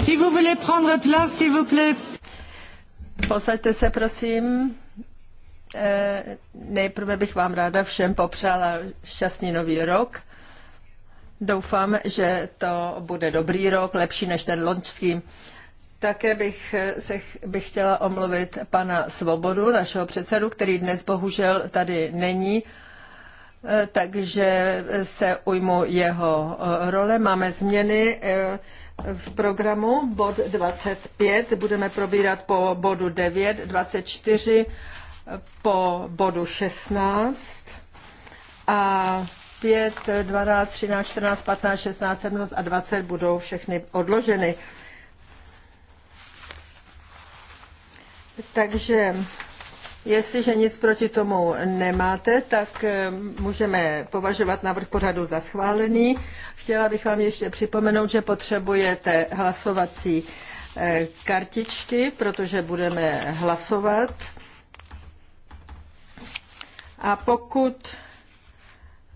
si vous voulez prendre place, s'il vous plaît. Posaďte se, prosím. Eh, nejprve bych vám ráda všem popřála šťastný nový rok. Doufám, že to bude dobrý rok, lepší než ten loňský. Také bych, eh, se, bych chtěla omluvit pana Svobodu, našeho předsedu, který dnes bohužel tady není. Eh, takže se ujmu jeho eh, role. Máme změny eh, v programu. Bod 25 budeme probírat po bodu 9, 24 po bodu 16 a 5, 12, 13, 14, 15, 16, 17 a 20 budou všechny odloženy. Takže Jestliže nic proti tomu nemáte, tak eh, můžeme považovat návrh pořadu za schválený. Chtěla bych vám ještě připomenout, že potřebujete hlasovací eh, kartičky, protože budeme hlasovat. A pokud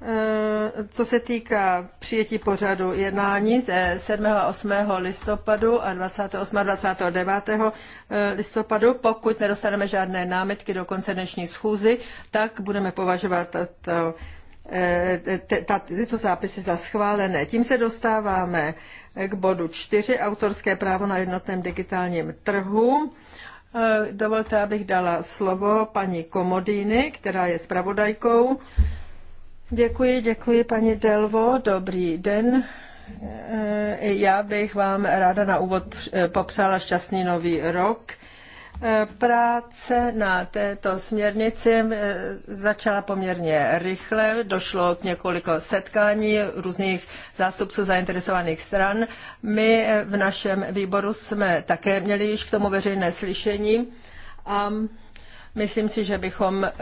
Eh, co se týká přijetí pořadu jednání ze 7. a 8. listopadu a 28. a 29. Eh, listopadu, pokud nedostaneme žádné námitky do konce dnešní schůzy, tak budeme považovat to, eh, tyto zápisy za schválené. Tím se dostáváme k bodu 4, autorské právo na jednotném digitálním trhu. Dovolte, abych dala slovo paní Komodýny, která je zpravodajkou. Děkuji, děkuji paní Delvo. Dobrý den. E, já bych vám ráda na úvod e, popřála šťastný nový rok. E, práce na této směrnici začala poměrně rychle. Došlo k několika setkání různých zástupců zainteresovaných stran. My v našem výboru jsme také měli již k tomu veřejné slyšení. A Myslím si, že bychom eh,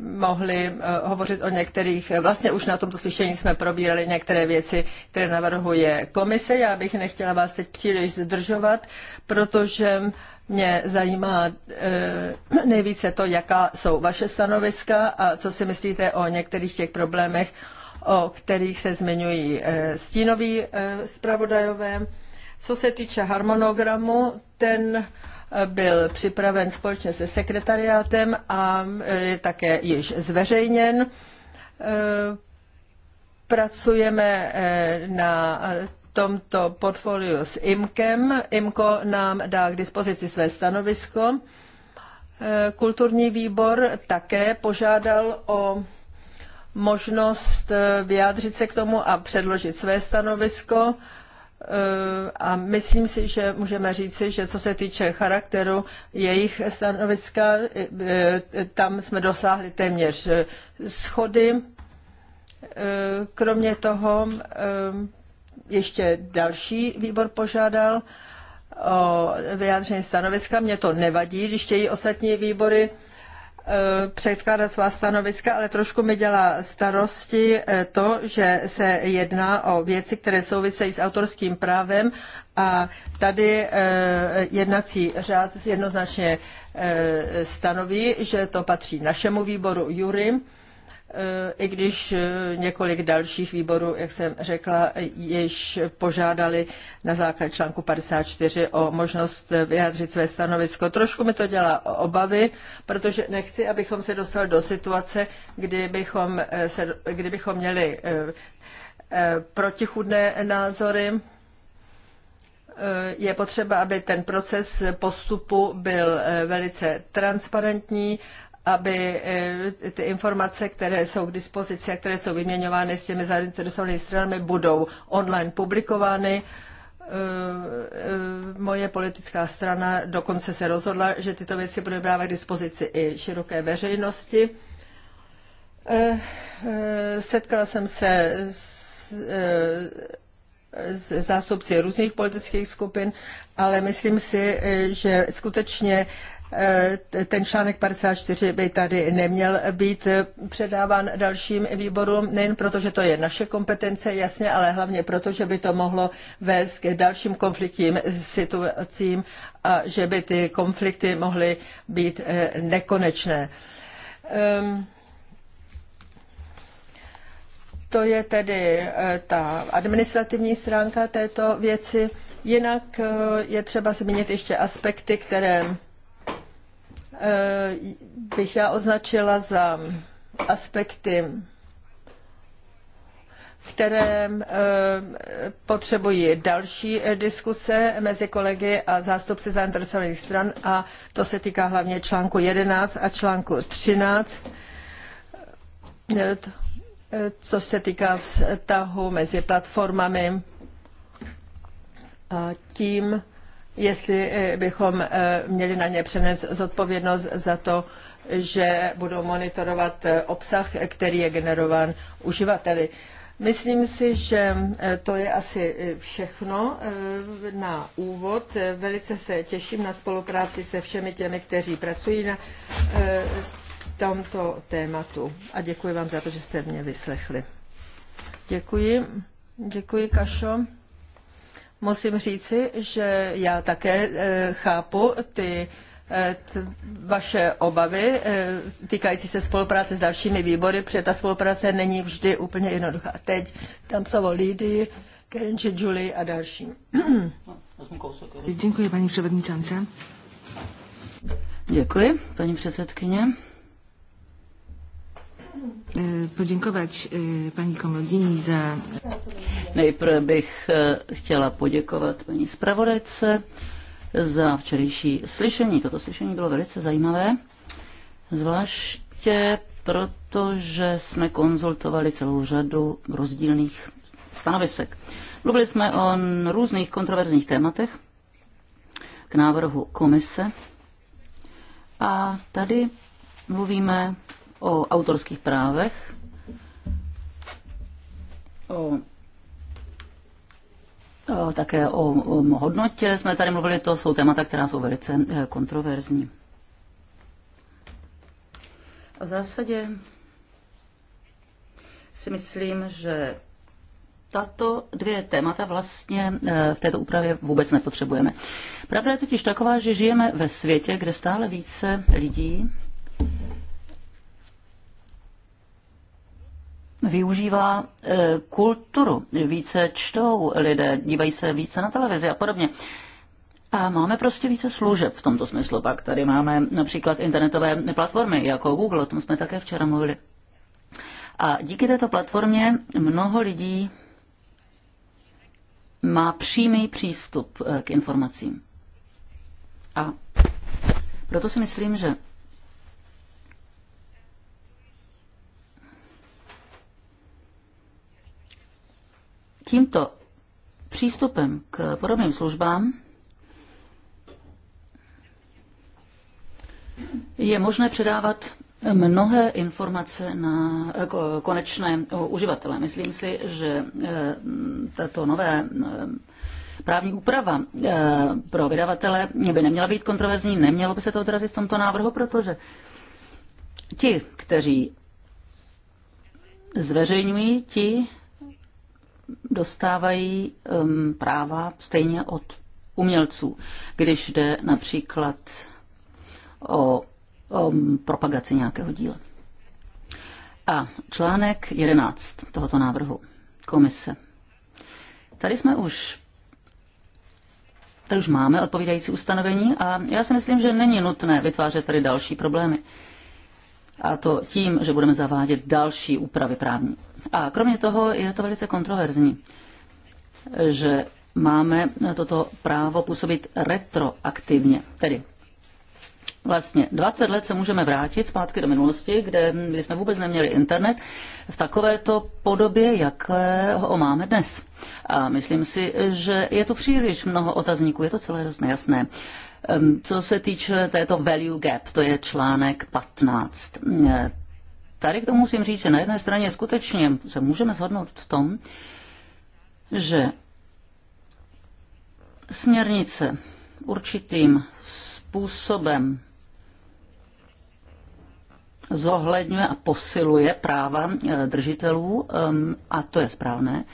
mohli eh, hovořit o některých, vlastně už na tomto slyšení jsme probírali některé věci, které navrhuje komise. Já bych nechtěla vás teď příliš zdržovat, protože mě zajímá eh, nejvíce to, jaká jsou vaše stanoviska a co si myslíte o některých těch problémech, o kterých se zmiňují stínoví zpravodajové. Co se týče harmonogramu, ten byl připraven společně se sekretariátem a je také již zveřejněn. E, pracujeme e, na tomto portfoliu s IMKem. IMKO nám dá k dispozici své stanovisko. E, kulturní výbor také požádal o možnost vyjádřit se k tomu a předložit své stanovisko. Eh, a myslím si, že můžeme říci, že co se týče charakteru jejich stanoviska, eh, eh, tam jsme dosáhli téměř schody. Kromě toho ještě další výbor požádal o vyjádření stanoviska. Mně to nevadí, když chtějí ostatní výbory Eh, předkládat svá stanoviska, ale trošku mi dělá starosti eh, to, že se jedná o věci, které souvisejí s autorským právem a tady eh, jednací řád jednoznačně stanoví, že to patří našemu výboru Jury Eh, i když eh, několik dalších výborů, jak jsem řekla, již požádali na základě článku 54 o možnost vyjádřit své stanovisko. Trošku mi to dělá obavy, protože nechci, abychom se dostali do situace, kdybychom, eh, se, kdybychom měli protichudné názory. Je potřeba, aby ten proces postupu byl velice transparentní aby eh, ty informace, které jsou k dispozici a které jsou vyměňovány s těmi zainteresovanými stranami, budou online publikovány. Eh, eh, moje politická strana dokonce se rozhodla, že tyto věci bude dávat k dispozici i široké veřejnosti. Setkala jsem se s, s zástupci různých politických skupin, ale myslím si, že skutečně Eh, ten článek 54 by tady neměl být eh, předáván dalším výborům, nejen proto, že to je naše kompetence, jasně, ale hlavně proto, že by to mohlo vést k dalším konfliktním situacím a že by ty konflikty mohly být eh, nekonečné. Um, to je tedy ta administrativní stránka této věci. Jinak je třeba zmínit ještě aspekty, které Eh, bych já označila za aspekty, které eh, potřebují další eh, diskuse mezi kolegy a zástupci zainteresovaných stran a to se týká hlavně článku 11 a článku 13 což se týká vztahu mezi platformami a tím, jestli eh, bychom eh, měli na ně přenést zodpovědnost za to, že budou monitorovat eh, obsah, který je generován uživateli. Myslím si, že to je asi všechno na úvod. Velice se těším na spolupráci se všemi těmi, kteří pracují na tomto tématu. A děkuji vám za to, že jste mě vyslechli. Děkuji. Děkuji, Kašo. Musím říci, že já také eh, chápu ty eh, vaše obavy eh, týkající se spolupráce s dalšími výbory, protože ta spolupráce není vždy úplně jednoduchá. Teď tam slovo Lidy, Kerenče, Julie a další. Děkuji, paní předsedkyně. Děkuji, paní předsedkyně. Eh, poděkovat eh, paní Komodini za... Nejprve bych eh, chtěla poděkovat paní zpravodajce za včerejší slyšení. Toto slyšení bylo velice zajímavé, zvláště protože jsme konzultovali celou řadu rozdílných stanovisek. Mluvili jsme o různých kontroverzních tématech k návrhu komise a tady mluvíme o autorských právech, o, o také o, o hodnotě jsme tady mluvili, to jsou témata, která jsou velice eh, kontroverzní. A v zásadě si myslím, že tato dvě témata vlastně eh, v této úpravě vůbec nepotřebujeme. Pravda je totiž taková, že žijeme ve světě, kde stále více lidí využívá e, kulturu, více čtou lidé, dívají se více na televizi a podobně. A máme prostě více služeb v tomto smyslu. Pak tady máme například internetové platformy jako Google, o tom jsme také včera mluvili. A díky této platformě mnoho lidí má přímý přístup e, k informacím. A proto si myslím, že tímto přístupem k podobným službám je možné předávat mnohé informace na konečné uživatele. Myslím si, že eh, tato nové eh, právní úprava eh, pro vydavatele by neměla být kontroverzní, nemělo by se to odrazit v tomto návrhu, protože ti, kteří zveřejňují, ti dostávají um, práva stejně od umělců, když jde například o, o um, propagaci nějakého díla. A článek 11 tohoto návrhu komise. Tady jsme už Tady už máme odpovídající ustanovení a já si myslím, že není nutné vytvářet tady další problémy. A to tím, že budeme zavádět další úpravy právní. A kromě toho je to velice kontroverzní, že máme toto právo působit retroaktivně. Tedy vlastně 20 let se můžeme vrátit zpátky do minulosti, kde, jsme vůbec neměli internet, v takovéto podobě, jak ho máme dnes. A myslím si, že je tu příliš mnoho otazníků, je to celé dost nejasné. Co se týče této value gap, to je článek 15 tady k tomu musím říct, že na jedné straně skutečně se můžeme shodnout v tom, že směrnice určitým způsobem zohledňuje a posiluje práva eh, držitelů ehm, a to je správné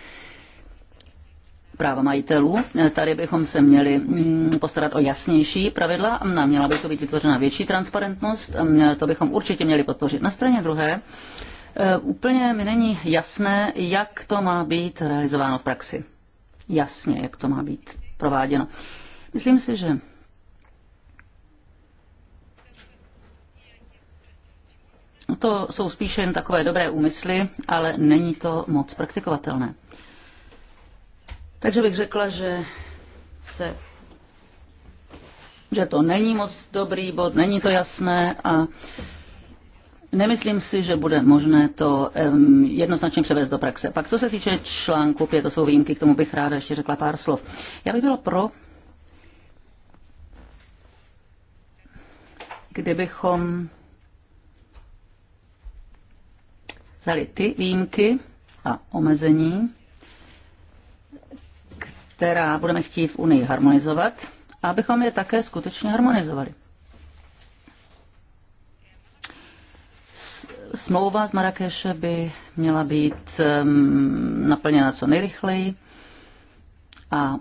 práva majitelů. Tady bychom se měli mm, postarat o jasnější pravidla, měla by to být vytvořena větší transparentnost, mm, to bychom určitě měli podpořit. Na straně druhé, e, úplně mi není jasné, jak to má být realizováno v praxi. Jasně, jak to má být prováděno. Myslím si, že to jsou spíše jen takové dobré úmysly, ale není to moc praktikovatelné. Takže bych řekla, že se že to není moc dobrý bod, není to jasné a Nemyslím si, že bude možné to um, jednoznačně převést do praxe. Pak co se týče článku 5, to jsou výjimky, k tomu bych ráda ještě řekla pár slov. Já bych byla pro, kdybychom vzali ty výjimky a omezení, která budeme chtít v Unii harmonizovat, abychom je také skutečně harmonizovali. Smlouva z Marrakeše by měla být naplněna co nejrychleji a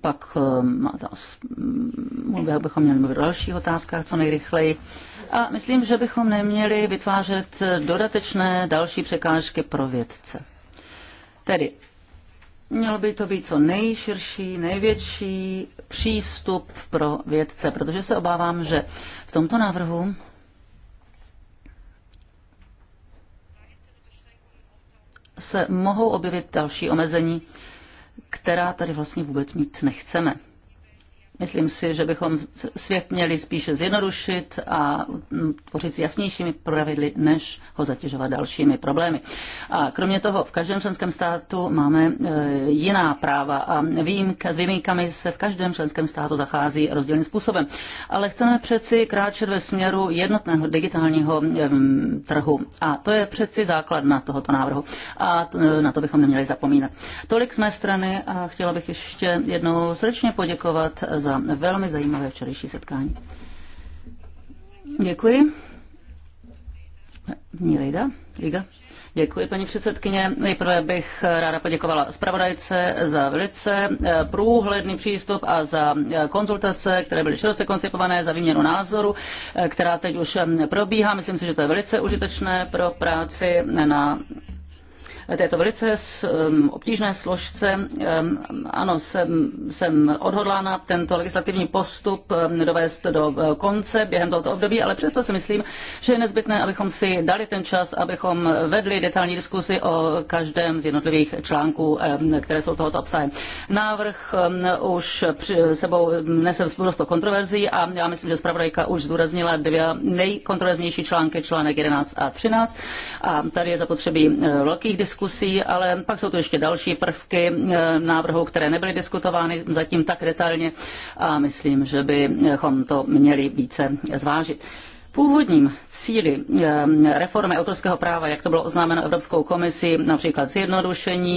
pak jak bychom měli mluvit o dalších otázkách co nejrychleji. A myslím, že bychom neměli vytvářet dodatečné další překážky pro vědce. Tedy Mělo by to být co nejširší, největší přístup pro vědce, protože se obávám, že v tomto návrhu se mohou objevit další omezení, která tady vlastně vůbec mít nechceme. Myslím si, že bychom svět měli spíše zjednodušit a mm, tvořit s jasnějšími pravidly, než ho zatěžovat dalšími problémy. A kromě toho, v každém členském státu máme e, jiná práva a výjimka, s výjimkami se v každém členském státu zachází rozdílným způsobem. Ale chceme přeci kráčet ve směru jednotného digitálního e, trhu. A to je přeci na tohoto návrhu. A e, na to bychom neměli zapomínat. Tolik z mé strany a chtěla bych ještě jednou srdečně poděkovat za za velmi zajímavé včerejší setkání. Děkuji. Rejda, Riga. Děkuji, paní předsedkyně. Nejprve bych ráda poděkovala zpravodajce za velice eh, průhledný přístup a za eh, konzultace, které byly široce koncipované, za výměnu názoru, eh, která teď už probíhá. Myslím si, že to je velice užitečné pro práci na této velice um, obtížné složce. Um, ano, jsem, jsem odhodlána tento legislativní postup um, dovést do uh, konce během tohoto období, ale přesto si myslím, že je nezbytné, abychom si dali ten čas, abychom vedli detailní diskusi o každém z jednotlivých článků, které jsou tohoto obsahem. Návrh už sebou nese spoustu kontroverzí a já myslím, že zpravodajka už zdůraznila dvě nejkontroverznější články, článek 11 a 13. A tady je zapotřebí uh, velkých diskusí diskusí, ale pak jsou tu ještě další prvky eh, návrhu, které nebyly diskutovány zatím tak detailně a myslím, že bychom to měli více zvážit. Původním cíli eh, reformy autorského práva, jak to bylo oznámeno Evropskou komisí, například zjednodušení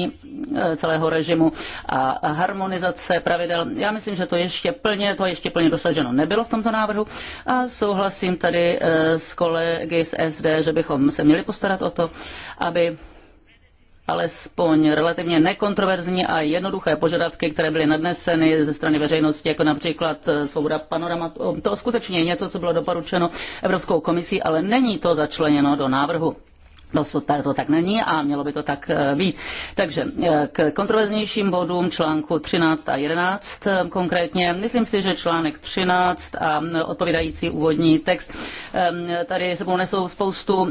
eh, celého režimu a harmonizace pravidel, já myslím, že to ještě plně, to ještě plně dosaženo nebylo v tomto návrhu a souhlasím tady s kolegy z SD, že bychom se měli postarat o to, aby alespoň relativně nekontroverzní a jednoduché požadavky, které byly nadneseny ze strany veřejnosti, jako například eh, svoboda panoramatu. To skutečně je něco, co bylo doporučeno Evropskou komisí, ale není to začleněno do návrhu. Dosud to tak není a mělo by to tak eh, být. Takže eh, k kontroverznějším bodům článku 13 a 11 eh, konkrétně. Myslím si, že článek 13 a odpovídající úvodní text tady sebou nesou spoustu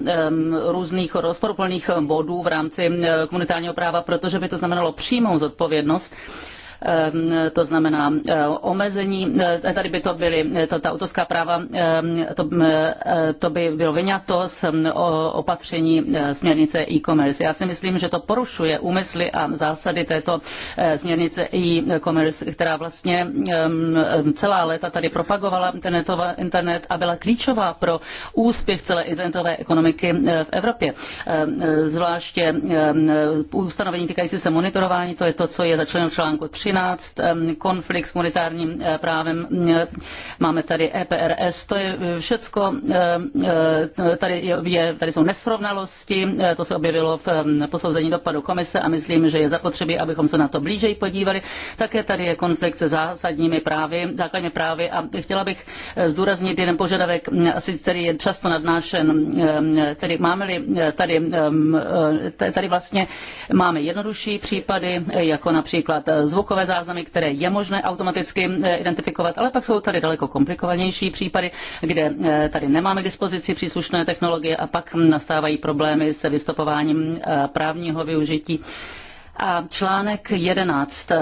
různých rozporuplných bodů v rámci komunitárního práva, protože by to znamenalo přímou zodpovědnost Ehm, to znamená eh, omezení, eh, tady by to byly, eh, to, ta autorská práva, ehm, to, to by bylo vyňato z mm, opatření směrnice e-commerce. Já si myslím, že to porušuje úmysly a zásady této směrnice e-commerce, která vlastně ehm, celá léta tady propagovala internet a byla klíčová pro úspěch celé internetové ekonomiky v Evropě. Zvláště ustanovení týkající se monitorování, to je to, co je začleno v článku 3 2013, konflikt s monetárním eh, právem, máme tady EPRS, to je eh, všecko, eh, tady, je, tady jsou nesrovnalosti, to se objevilo v posouzení dopadu komise a myslím, že je zapotřebí, abychom se na to blíže podívali. Také tady je konflikt se zásadními právy, základními právy a chtěla bych zdůraznit jeden požadavek, asi který je často nadnášen, tedy máme-li tady, tady vlastně máme jednodušší případy, jako například zvukové takové záznamy, které je možné automaticky eh, identifikovat, ale pak jsou tady daleko komplikovanější případy, kde eh, tady nemáme k dispozici příslušné technologie a pak nastávají problémy se vystopováním eh, právního využití. A článek 11. E,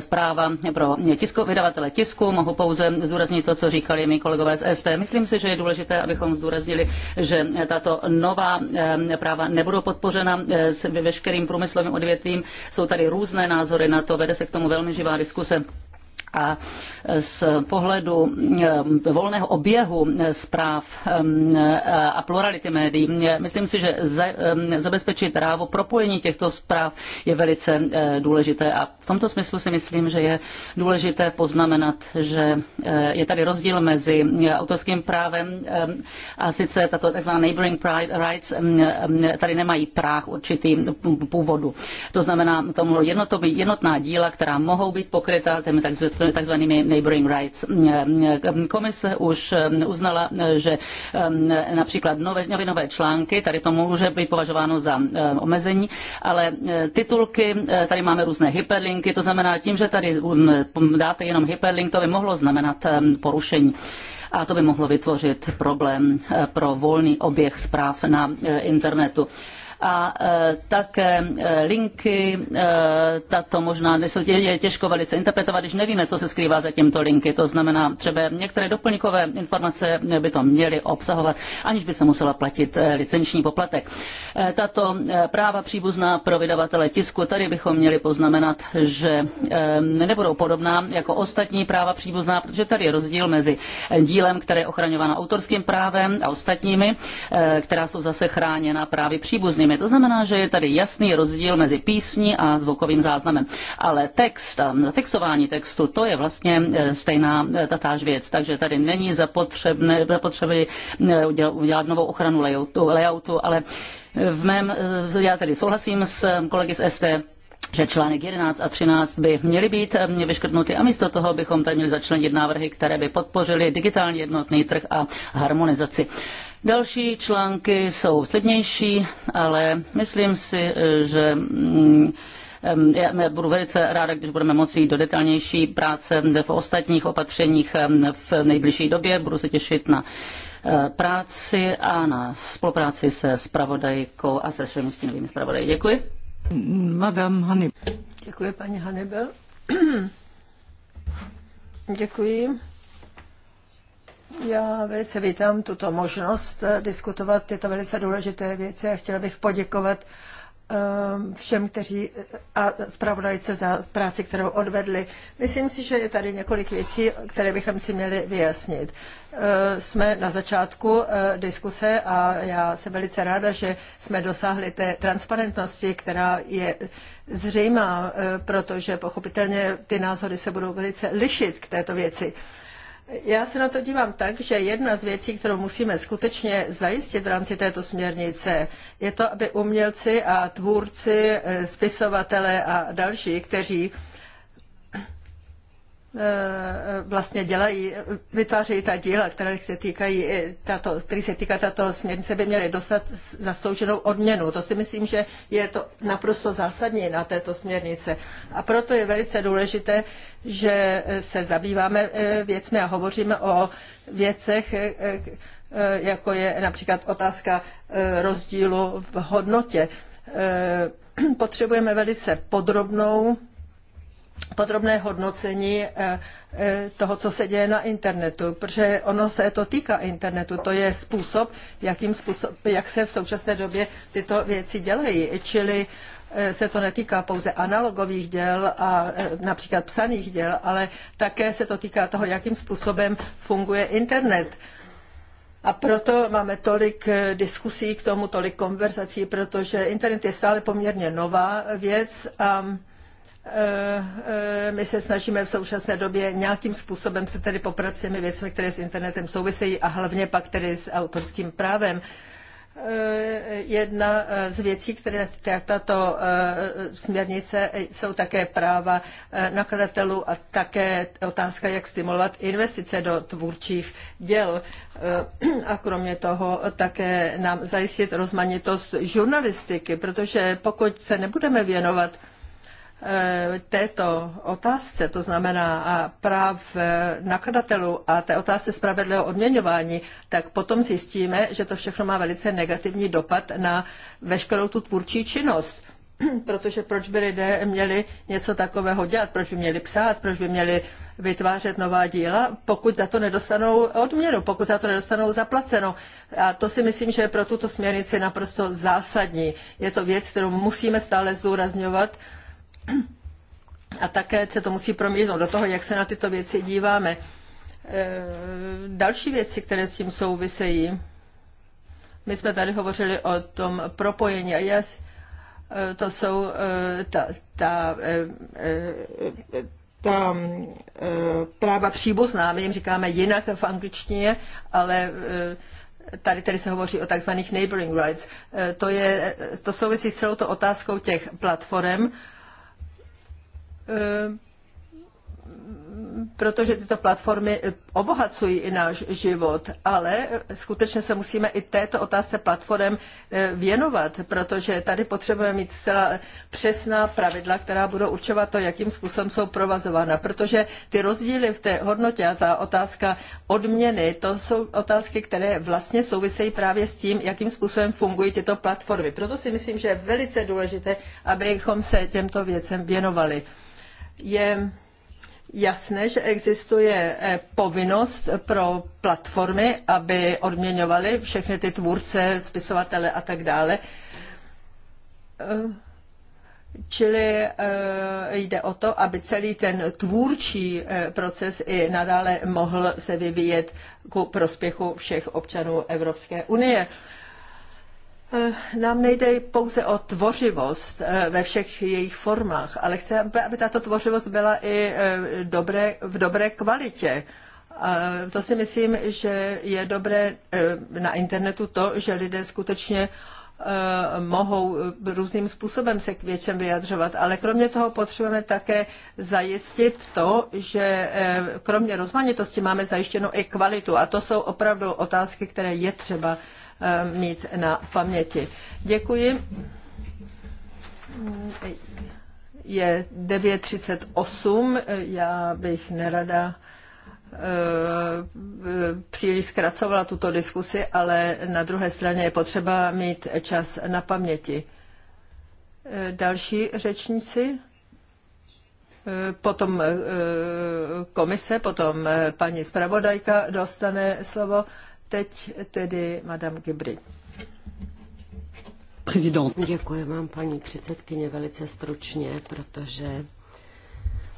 zpráva pro tisko, vydavatele tisku. Mohu pouze zúraznit to, co říkali mi kolegové z ST. Myslím si, že je důležité, abychom zdůraznili, že tato nová práva nebudou podpořena e, s veškerým průmyslovým odvětvím. Jsou tady různé názory na to, vede se k tomu velmi živá diskuse. A z pohledu eh, volného oběhu zpráv eh, a plurality médií, myslím si, že eh, zabezpečit právo propojení těchto zpráv je velice důležité. A v tomto smyslu si myslím, že je důležité poznamenat, že je tady rozdíl mezi autorským právem a sice tato tzv. neighboring rights mm, mm, tady nemají práh určitý původu. To znamená, tomu jednotná díla, která mohou být pokryta těmi tzv takzvanými neighboring rights. Mm, mm, komise už mm, uznala, že například nové, novinové články, tady to může být považováno za omezení, ale titulky, tady máme různé hyperlinky, to znamená tím, že tady dáte jenom hyperlink, to by mohlo znamenat porušení a to by mohlo vytvořit problém pro volný oběh zpráv na internetu a e, také e, linky, e, tato možná je těžko velice interpretovat, když nevíme, co se skrývá za těmto linky. To znamená, třeba některé doplňkové informace by to měly obsahovat, aniž by se musela platit licenční poplatek. Tato práva příbuzná pro vydavatele tisku, tady bychom měli poznamenat, že nebudou podobná jako ostatní práva příbuzná, protože tady je rozdíl mezi dílem, které je ochraňováno autorským právem a ostatními, která jsou zase chráněna právě příbuzným písněmi. To znamená, že je tady jasný rozdíl mezi písní a zvukovým záznamem. Ale text, um, fixování textu, to je vlastně eh, stejná eh, tatáž věc. Takže tady není zapotřebné, zapotřeby eh, udělat novou ochranu layoutu, layoutu ale v mém, já tedy souhlasím s kolegy z ST, že článek 11 a 13 by měly být vyškrtnuty a místo toho bychom tady měli začlenit návrhy, které by podpořily digitální jednotný trh a harmonizaci. Další články jsou slibnější, ale myslím si, že mm, eh, já budu velice ráda, když budeme moci jít do detailnější práce v ostatních opatřeních eh, v nejbližší době. Budu se těšit na eh, práci a na spolupráci se spravodajkou a se svými stínovými spravodaji. Děkuji. Madame Hannibal. Děkuji, paní Hannibal. Děkuji. Já velice vítám tuto možnost eh, diskutovat tyto velice důležité věci a chtěla bych poděkovat ehm, všem, kteří eh, a zpravodajce za práci, kterou odvedli. Myslím si, že je tady několik věcí, které bychom si měli vyjasnit. Eh, jsme na začátku diskuse a já jsem velice ráda, že jsme dosáhli té transparentnosti, která je zřejmá, protože pochopitelně ty názory se budou velice lišit k této věci. Já se na to dívám tak, že jedna z věcí, kterou musíme skutečně zajistit v rámci této směrnice, je to, aby umělci a tvůrci, eh, spisovatelé a další, kteří Eh, vlastně dělají, vytvářejí ta díla, které se týkají, eh, tato, který se týká tato směrnice, by měly dostat zaslouženou odměnu. To si myslím, že je to naprosto zásadní na této směrnice. A proto je velice důležité, že eh, se zabýváme věcmi a hovoříme o věcech, jako je například otázka rozdílu v hodnotě. Potřebujeme velice podrobnou podrobné hodnocení eh, eh, toho, co se děje na internetu, protože ono se to týká internetu. To je způsob, jakým způsob jak se v současné době tyto věci dělají. Čili eh, se to netýká pouze analogových děl a například psaných děl, ale také se to týká toho, jakým způsobem funguje internet. A proto máme tolik diskusí k tomu, tolik konverzací, protože internet je stále poměrně nová věc a Eh, eh, my se snažíme v současné době nějakým způsobem se tedy poprat s těmi věcmi, které s internetem souvisejí a hlavně pak tedy s autorským právem. Eh, jedna z věcí, které tato směrnice jsou také práva nakladatelů a také otázka, jak stimulovat investice do tvůrčích děl a kromě toho také nám zajistit rozmanitost žurnalistiky, protože pokud se nebudeme věnovat Eh, této otázce, to znamená a práv eh, nakladatelů a té otázce spravedlivého odměňování, tak potom zjistíme, že to všechno má velice negativní dopad na veškerou tu tvůrčí činnost. Protože proč by lidé měli něco takového dělat, proč by měli psát, proč by měli vytvářet nová díla, pokud za to nedostanou odměnu, pokud za to nedostanou zaplaceno. A to si myslím, že je pro tuto směrnici naprosto zásadní. Je to věc, kterou musíme stále zdůrazňovat, a také se to musí promítnout do toho, jak se na tyto věci díváme. E, další věci, které s tím souvisejí. My jsme tady hovořili o tom propojení a jas, e, to jsou e, ta, ta, ta mm, práva příbuzná, my jim říkáme jinak v angličtině, ale tady, tady se hovoří o takzvaných neighboring rights. To, je, to souvisí s celou to otázkou těch platform, Eh, protože tyto platformy eh, obohacují i náš život, ale eh, skutečně se musíme i této otázce platform věnovat, protože tady potřebujeme mít zcela přesná pravidla, která budou určovat to, jakým způsobem jsou provazována, protože ty rozdíly v té hodnotě a ta otázka odměny, to jsou otázky, které vlastně souvisejí právě s tím, jakým způsobem fungují tyto platformy. Proto si myslím, že je velice důležité, abychom se těmto věcem věnovali je jasné, že existuje eh, povinnost pro platformy, aby odměňovaly všechny ty tvůrce, spisovatele a tak dále. Eh, čili eh, jde o to, aby celý ten tvůrčí proces i nadále mohl se vyvíjet ku prospěchu všech občanů Evropské unie. Eh, nám nejde pouze o tvořivost eh, ve všech jejich formách, ale chci aby tato tvořivost byla i eh, dobré, v dobré kvalitě. A to si myslím, že je dobré na internetu to, že lidé skutečně mohou různým způsobem se k věčem vyjadřovat, ale kromě toho potřebujeme také zajistit to, že kromě rozmanitosti máme zajištěnou i kvalitu a to jsou opravdu otázky, které je třeba Eh, mít na paměti. Děkuji. Je 9.38, já bych nerada eh, příliš zkracovala tuto diskusi, ale na druhé straně je potřeba mít čas na paměti. Eh, další řečníci? Potom komise, potom paní zpravodajka dostane slovo Teď tedy Madame Gibry. Prezident. Děkuji vám, paní předsedkyně, velice stručně, protože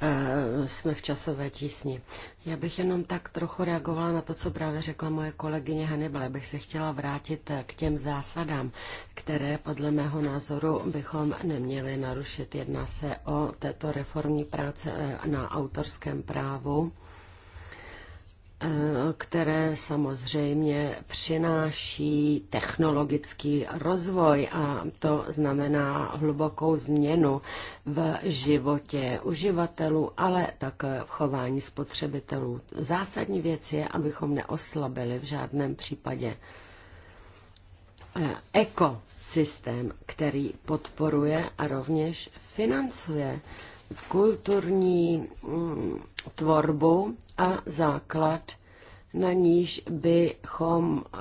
eh, jsme v časové tísni. Já bych jenom tak trochu reagovala na to, co právě řekla moje kolegyně Hannibal. Já bych se chtěla vrátit eh, k těm zásadám, které podle mého názoru bychom neměli narušit. Jedná se o této reformní práce eh, na autorském právu Eh, které samozřejmě přináší technologický rozvoj a to znamená hlubokou změnu v životě uživatelů, ale také v chování spotřebitelů. Zásadní věc je, abychom neoslabili v žádném případě eh, ekosystém, který podporuje a rovněž financuje kulturní mm, tvorbu a základ, na níž bychom eh,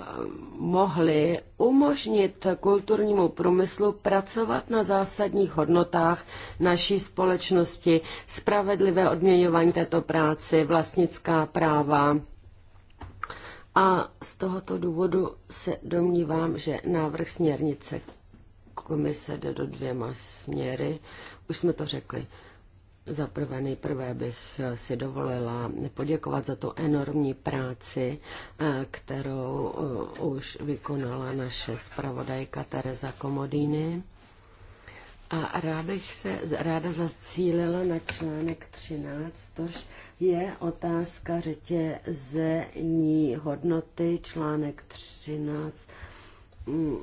mohli umožnit kulturnímu průmyslu pracovat na zásadních hodnotách naší společnosti, spravedlivé odměňování této práci, vlastnická práva, a z tohoto důvodu se domnívám, že návrh směrnice komise jde do dvěma směry. Už jsme to řekli. Za prvé, nejprve bych si dovolila poděkovat za tu enormní práci, eh, kterou eh, už vykonala naše zpravodajka Teresa Komodýny. A rád bych se ráda zacílila na článek 13, tož je otázka ní hodnoty, článek 13, mm,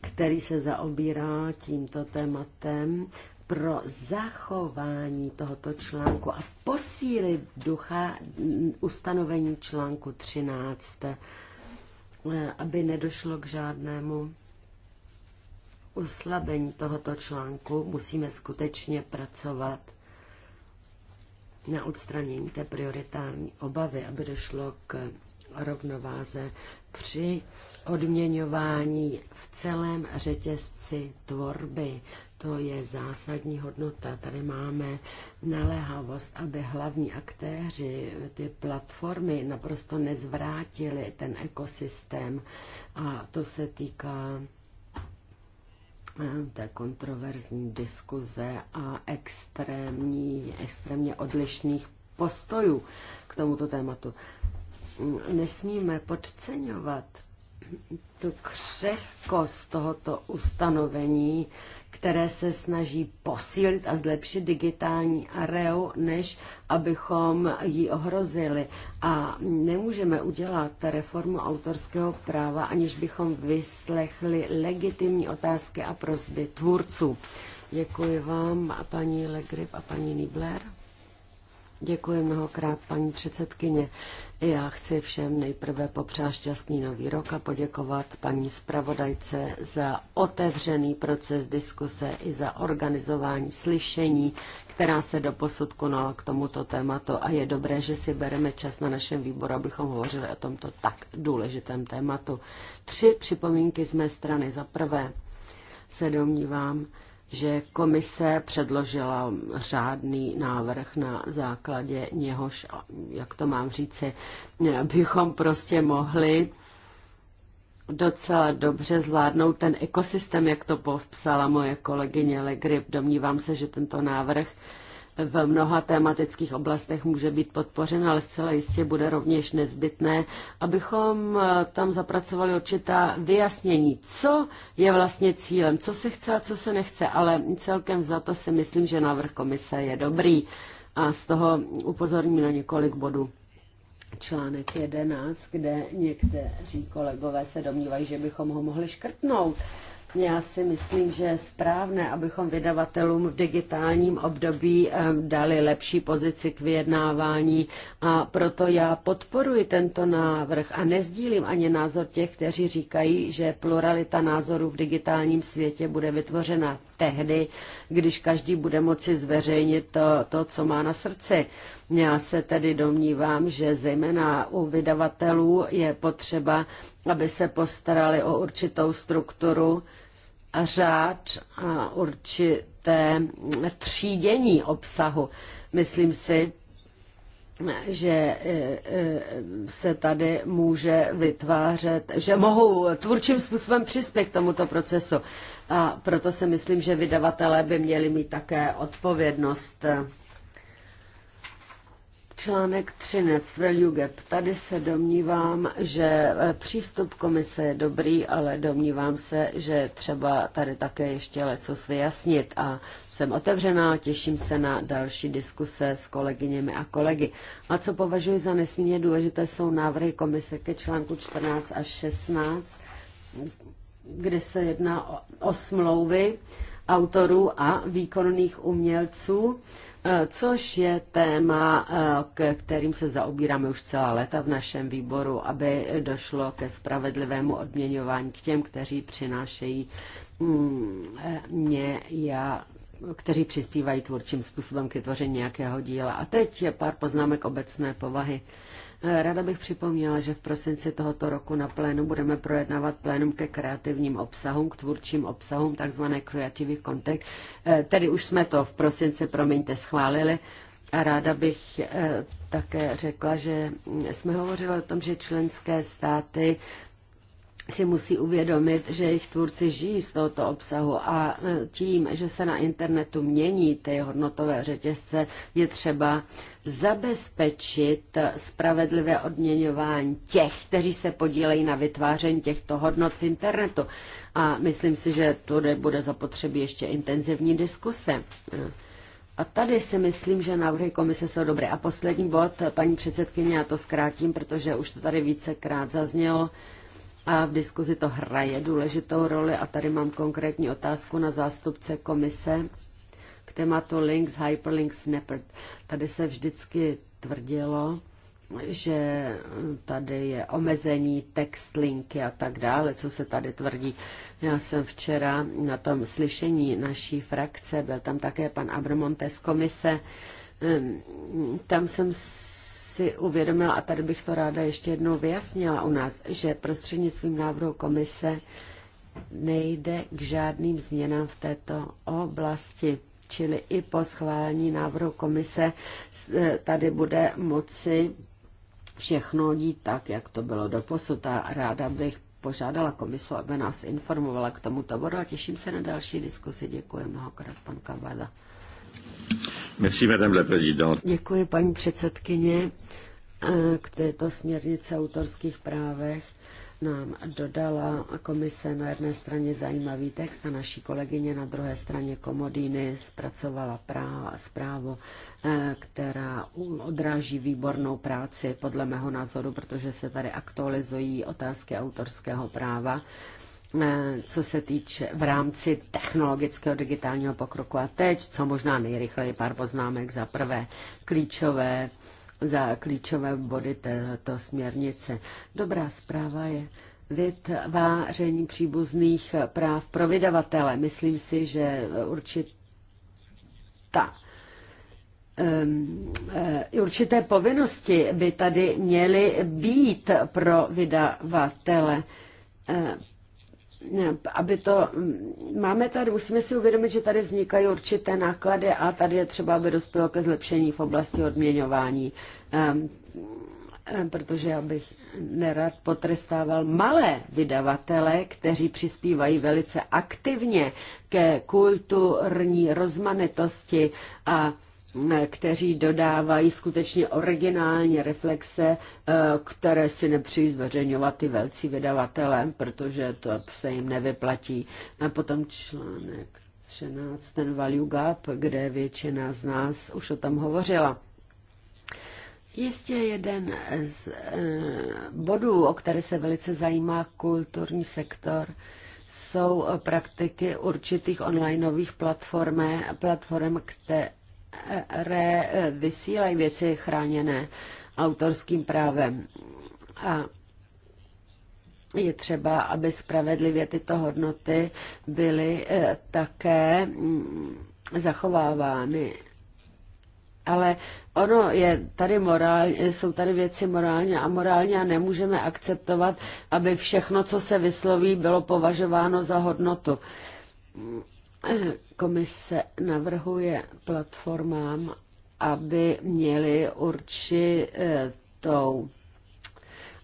který se zaobírá tímto tématem pro zachování tohoto článku a posíly ducha ustanovení článku 13, aby nedošlo k žádnému uslabení tohoto článku, musíme skutečně pracovat na odstranění té prioritární obavy, aby došlo k rovnováze při odměňování v celém řetězci tvorby, to je zásadní hodnota. Tady máme naléhavost, aby hlavní aktéři, ty platformy naprosto nezvrátili ten ekosystém. A to se týká eh, té kontroverzní diskuze a extrémní, extrémně odlišných postojů k tomuto tématu. Nesmíme podceňovat tu křehkost tohoto ustanovení, které se snaží posílit a zlepšit digitální areu, než abychom ji ohrozili. A nemůžeme udělat reformu autorského práva, aniž bychom vyslechli legitimní otázky a prozby tvůrců. Děkuji vám, a paní Legrip a paní Nibler. Děkuji mnohokrát, paní předsedkyně. Já chci všem nejprve popřát šťastný nový rok a poděkovat paní zpravodajce za otevřený proces diskuse i za organizování slyšení, která se doposud konala k tomuto tématu a je dobré, že si bereme čas na našem výboru, abychom hovořili o tomto tak důležitém tématu. Tři připomínky z mé strany. Za prvé se domnívám, že komise předložila řádný návrh na základě něhož, jak to mám říci, bychom prostě mohli docela dobře zvládnout ten ekosystém, jak to popsala moje kolegyně Legrip. Domnívám se, že tento návrh v mnoha tématických oblastech může být podpořen, ale zcela jistě bude rovněž nezbytné, abychom eh, tam zapracovali určitá vyjasnění, co je vlastně cílem, co se chce a co se nechce, ale celkem za to si myslím, že návrh komise je dobrý a z toho upozorním na několik bodů článek 11, kde někteří kolegové se domnívají, že bychom ho mohli škrtnout. Já si myslím, že je správné, abychom vydavatelům v digitálním období dali lepší pozici k vyjednávání a proto já podporuji tento návrh a nezdílím ani názor těch, kteří říkají, že pluralita názorů v digitálním světě bude vytvořena tehdy, když každý bude moci zveřejnit to, to co má na srdci. Já se tedy domnívám, že zejména u vydavatelů je potřeba, aby se postarali o určitou strukturu, řád a určité třídění obsahu. Myslím si, že e, e, se tady může vytvářet, že mohou tvůrčím způsobem přispět k tomuto procesu. A proto si myslím, že vydavatelé by měli mít také odpovědnost Článek 13, Veljugeb. Tady se domnívám, že e, přístup komise je dobrý, ale domnívám se, že třeba tady také ještě leco vyjasnit a jsem otevřená, těším se na další diskuse s kolegyněmi a kolegy. A co považuji za nesmírně důležité, jsou návrhy komise ke článku 14 až 16, kde se jedná o, o smlouvy autorů a výkonných umělců Eh, což je téma, eh, k kterým se zaobíráme už celá léta v našem výboru, aby došlo ke spravedlivému odměňování k těm, kteří přinášejí mm, eh, mě, já, kteří přispívají tvůrčím způsobem k vytvoření nějakého díla. A teď je pár poznámek obecné povahy. Rada bych připomněla, že v prosinci tohoto roku na plénu budeme projednávat plénum ke kreativním obsahům, k tvůrčím obsahům, takzvané Creative Context. Eh, tedy už jsme to v prosinci, promiňte, schválili. A ráda bych eh, také řekla, že jsme hovořili o tom, že členské státy si musí uvědomit, že jejich tvůrci žijí z tohoto obsahu a e, tím, že se na internetu mění ty hodnotové řetězce, je třeba zabezpečit spravedlivé odměňování těch, kteří se podílejí na vytváření těchto hodnot v internetu. A myslím si, že tady bude zapotřebí ještě intenzivní diskuse. A tady si myslím, že návrhy komise jsou dobré. A poslední bod, paní předsedkyně, já to zkrátím, protože už to tady vícekrát zaznělo. A v diskuzi to hraje důležitou roli a tady mám konkrétní otázku na zástupce komise k tématu links, hyperlinks, Snappert. Tady se vždycky tvrdilo, že tady je omezení text linky a tak dále, co se tady tvrdí. Já jsem včera na tom slyšení naší frakce, byl tam také pan Abramonte z komise, tam jsem si uvědomila, a tady bych to ráda ještě jednou vyjasnila u nás, že prostřednictvím návrhu komise nejde k žádným změnám v této oblasti. Čili i po schválení návrhu komise e, tady bude moci všechno dít tak, jak to bylo doposud a ráda bych požádala komisu, aby nás informovala k tomuto bodu a těším se na další diskusi. Děkuji mnohokrát, pan Kavada. Merci, madame la présidente. Děkuji, paní předsedkyně. E, k této směrnici autorských právech nám dodala komise na jedné straně zajímavý text a naší kolegyně na druhé straně Komodýny zpracovala zprávu, e, která odráží výbornou práci podle mého názoru, protože se tady aktualizují otázky autorského práva Eh, co se týče v rámci technologického digitálního pokroku. A teď, co možná nejrychleji, pár poznámek za prvé klíčové, za klíčové body této směrnice. Dobrá zpráva je, vytváření příbuzných práv pro vydavatele. Myslím si, že určitá ehm, eh, určité povinnosti by tady měly být pro vydavatele, eh, aby to, mm, máme tady, musíme si uvědomit, že tady vznikají určité náklady a tady je třeba, aby dospělo ke zlepšení v oblasti odměňování, ehm, ehm, protože já bych nerad potrestával malé vydavatele, kteří přispívají velice aktivně ke kulturní rozmanitosti a kteří dodávají skutečně originální reflexe, eh, které si nepřijí zveřejňovat ty velcí vydavatelé, protože to se jim nevyplatí. A potom článek 13, ten value gap, kde většina z nás už o tom hovořila. Jistě jeden z eh, bodů, o které se velice zajímá kulturní sektor, jsou praktiky určitých onlineových platform, platform, které které eh, vysílají věci chráněné autorským právem. A je třeba, aby spravedlivě tyto hodnoty byly eh, také mm, zachovávány. Ale ono je tady morálně, jsou tady věci morálně a morálně a nemůžeme akceptovat, aby všechno, co se vysloví, bylo považováno za hodnotu. Komise navrhuje platformám, aby měli určitou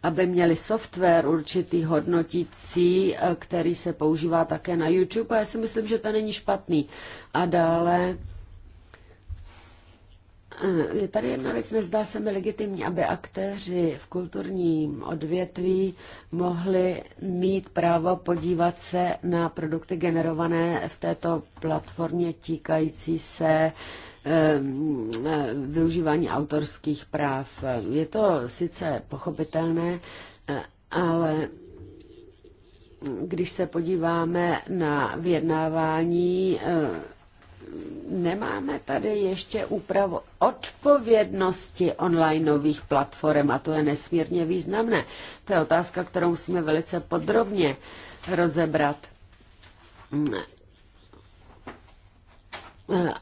aby měli software určitý hodnotící, eh, který se používá také na YouTube a já si myslím, že to není špatný. A dále Tady jedna věc nezdá zdá se mi legitimní, aby aktéři v kulturním odvětví mohli mít právo podívat se na produkty generované v této platformě týkající se využívání autorských práv. Je to sice pochopitelné, ale když se podíváme na vyjednávání nemáme tady ještě úpravu odpovědnosti onlineových platform a to je nesmírně významné. To je otázka, kterou musíme velice podrobně rozebrat.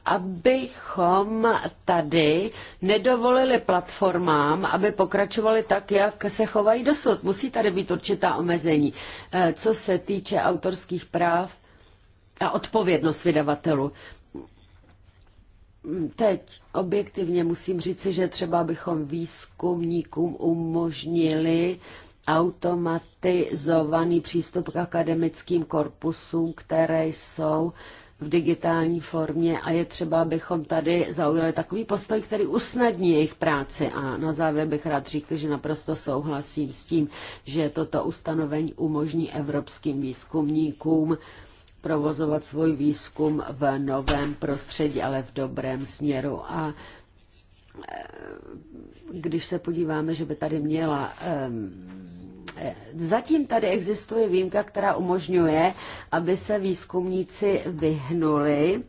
Abychom tady nedovolili platformám, aby pokračovali tak, jak se chovají dosud. Musí tady být určitá omezení. Eh, co se týče autorských práv, a odpovědnost vydavatelů. Teď objektivně musím říci, že třeba bychom výzkumníkům umožnili automatizovaný přístup k akademickým korpusům, které jsou v digitální formě a je třeba, abychom tady zaujali takový postoj, který usnadní jejich práci. A na závěr bych rád řekl, že naprosto souhlasím s tím, že toto ustanovení umožní evropským výzkumníkům provozovat svůj výzkum v novém prostředí, ale v dobrém směru. A eh, když se podíváme, že by tady měla. Eh, zatím tady existuje výjimka, která umožňuje, aby se výzkumníci vyhnuli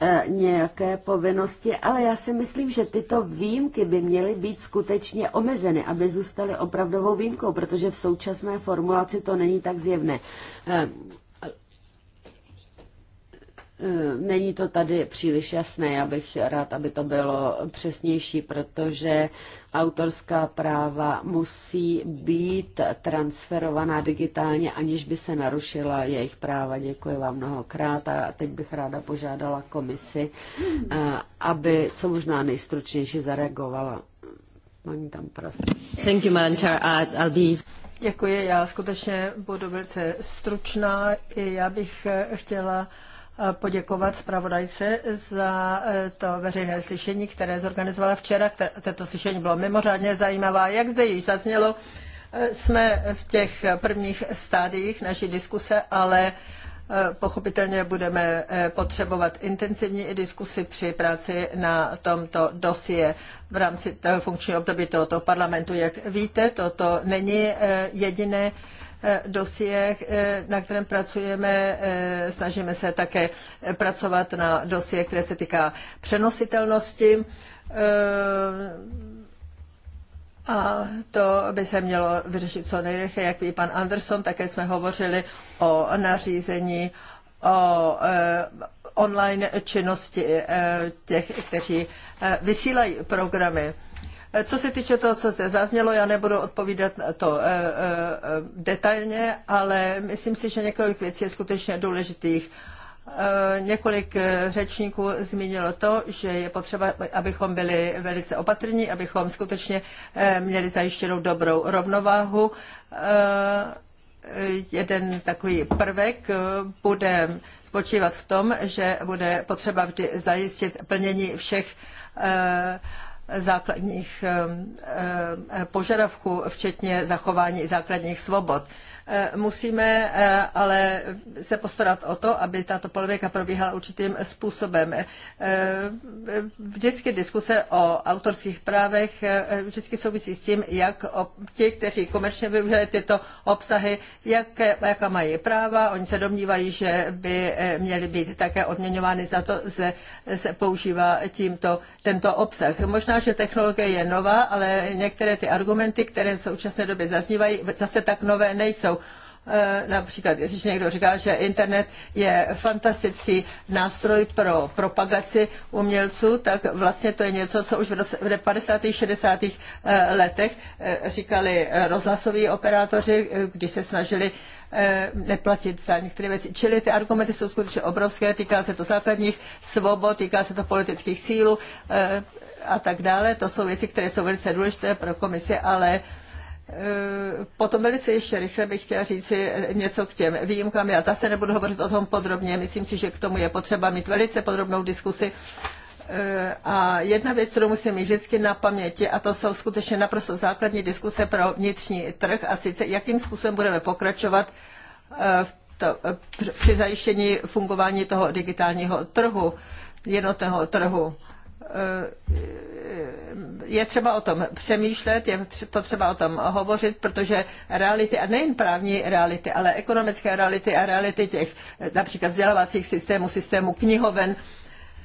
eh, nějaké povinnosti, ale já si myslím, že tyto výjimky by měly být skutečně omezeny, aby zůstaly opravdovou výjimkou, protože v současné formulaci to není tak zjevné. Eh, není to tady příliš jasné, já bych rád, aby to bylo přesnější, protože autorská práva musí být transferovaná digitálně, aniž by se narušila jejich práva. Děkuji vám mnohokrát a teď bych ráda požádala komisi, eh, aby co možná nejstručnější zareagovala. Oni tam prosím. Thank you, Manchar. I'll be... Děkuji, já skutečně budu velice stručná. Já bych eh, chtěla poděkovat zpravodajce za e, to veřejné slyšení, které zorganizovala včera. Toto slyšení bylo mimořádně zajímavé. Jak zde již zaznělo, e, jsme v těch prvních stádiích naší diskuse, ale e, pochopitelně budeme potřebovat intenzivní diskusy při práci na tomto dosie v rámci funkčního období tohoto parlamentu. Jak víte, toto není jediné Eh, dosiech, eh, na kterém pracujeme. Eh, snažíme se také pracovat na dosie, které se týká přenositelnosti. A to by se mělo vyřešit co nejrychleji, jak ví pan Anderson, také jsme hovořili o nařízení o online činnosti těch, kteří vysílají programy. Co se týče toho, co zde zaznělo, já nebudu odpovídat to eh, eh, eh, detailně, ale myslím si, že několik věcí je skutečně důležitých. Několik řečníků zmínilo to, že je potřeba, abychom byli velice opatrní, abychom skutečně měli zajištěnou dobrou rovnováhu. Jeden takový prvek bude spočívat v tom, že bude potřeba vždy zajistit plnění všech základních eh, eh, požadavků, včetně zachování základních svobod. Eh, musíme eh, ale se postarat o to, aby tato polemika probíhala určitým způsobem. Eh, vždycky diskuse o autorských právech vždycky souvisí s tím, jak ti, kteří komerčně využívají tyto obsahy, jaké, jaká mají práva. Oni se domnívají, že by měly být také odměňovány za to, že se používá tímto tento obsah. Možná, že technologie je nová, ale některé ty argumenty, které v současné době zaznívají, zase tak nové nejsou. Eh, například, když někdo říká, že internet je fantastický nástroj pro propagaci umělců, tak vlastně to je něco, co už v 50. 60. Eh, letech eh, říkali rozhlasoví operátoři, když se snažili neplatit za některé věci. Čili ty argumenty jsou skutečně obrovské, týká se to základních svobod, týká se to politických cílů a tak dále. To jsou věci, které jsou velice důležité pro komisi, ale Potom velice ještě rychle bych chtěla říct něco k těm výjimkám. Já zase nebudu hovořit o tom podrobně. Myslím si, že k tomu je potřeba mít velice podrobnou diskusi. E, a jedna věc, kterou musím mít vždycky na paměti, a to jsou skutečně naprosto základní diskuse pro vnitřní trh, a sice jakým způsobem budeme pokračovat e, v to, e, při zajištění fungování toho digitálního trhu, jednotného trhu. Eh, je třeba o tom přemýšlet, je potřeba o tom hovořit, protože reality, a nejen právní reality, ale ekonomické reality a reality těch eh, například vzdělávacích systémů, systémů knihoven,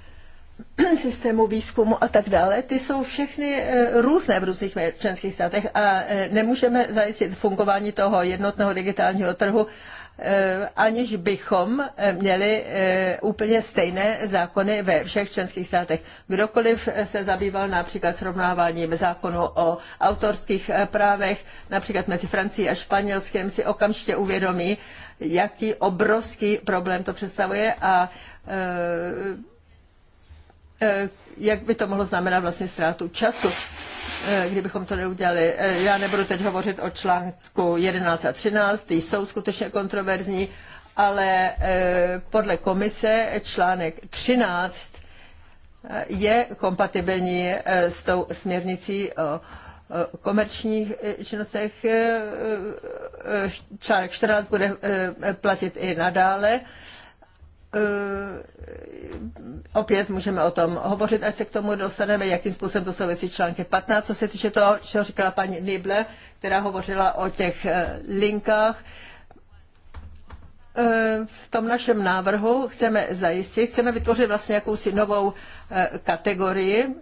systému výzkumu a tak dále, ty jsou všechny eh, různé v různých členských státech a nemůžeme zajistit fungování toho jednotného digitálního trhu Eh, aniž bychom eh, měli eh, úplně stejné zákony ve všech členských státech. Kdokoliv se zabýval například srovnáváním zákonu o autorských právech, například mezi Francií a Španělskem, si okamžitě uvědomí, jaký obrovský problém to představuje a jak by to mohlo znamenat vlastně ztrátu času. Eh, kdybychom to neudělali. Eh, já nebudu teď hovořit o článku 11 a 13, ty jsou skutečně kontroverzní, ale eh, podle komise článek 13 je kompatibilní s tou směrnicí o komerčních činnostech. Článek 14 bude platit i nadále. Eh, opět můžeme o tom hovořit, až se k tomu dostaneme, jakým způsobem to souvisí články 15. Co se týče toho, co říkala paní Nible, která hovořila o těch eh, linkách, eh, v tom našem návrhu chceme zajistit, chceme vytvořit vlastně jakousi novou kategorii.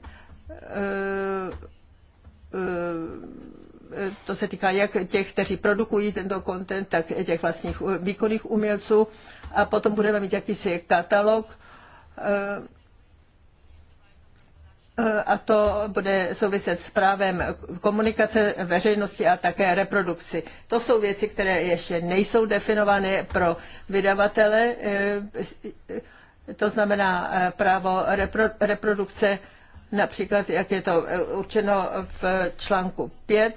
To se týká jak těch, kteří produkují tento content, tak těch vlastních výkonných umělců a potom budeme mít jakýsi katalog eh, eh, a to bude souviset s právem komunikace veřejnosti a také reprodukci. To jsou věci, které ještě nejsou definovány pro vydavatele, eh, to znamená právo reprodukce, například jak je to určeno v článku 5